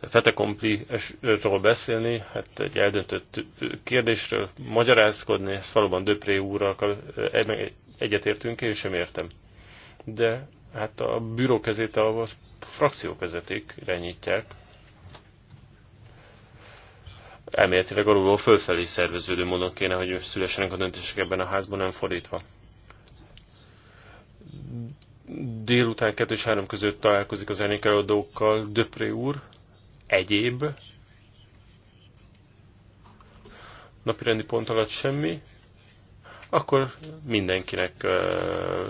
fetekompliról beszélni, hát egy eldöntött kérdésről magyarázkodni, ezt valóban Döpré úrral e-, egyetértünk, én sem értem. De hát a bűró kezét a frakciók kezetik, irányítják. Elméletileg alulról fölfelé szerveződő módon kéne, hogy szülessenek a döntések ebben a házban, nem fordítva délután 2 és 3 között találkozik az elnékelődókkal Döpré úr, egyéb napirendi pont alatt semmi, akkor mindenkinek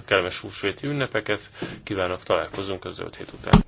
kellemes húsvéti ünnepeket kívánok, találkozunk a zöld hét után.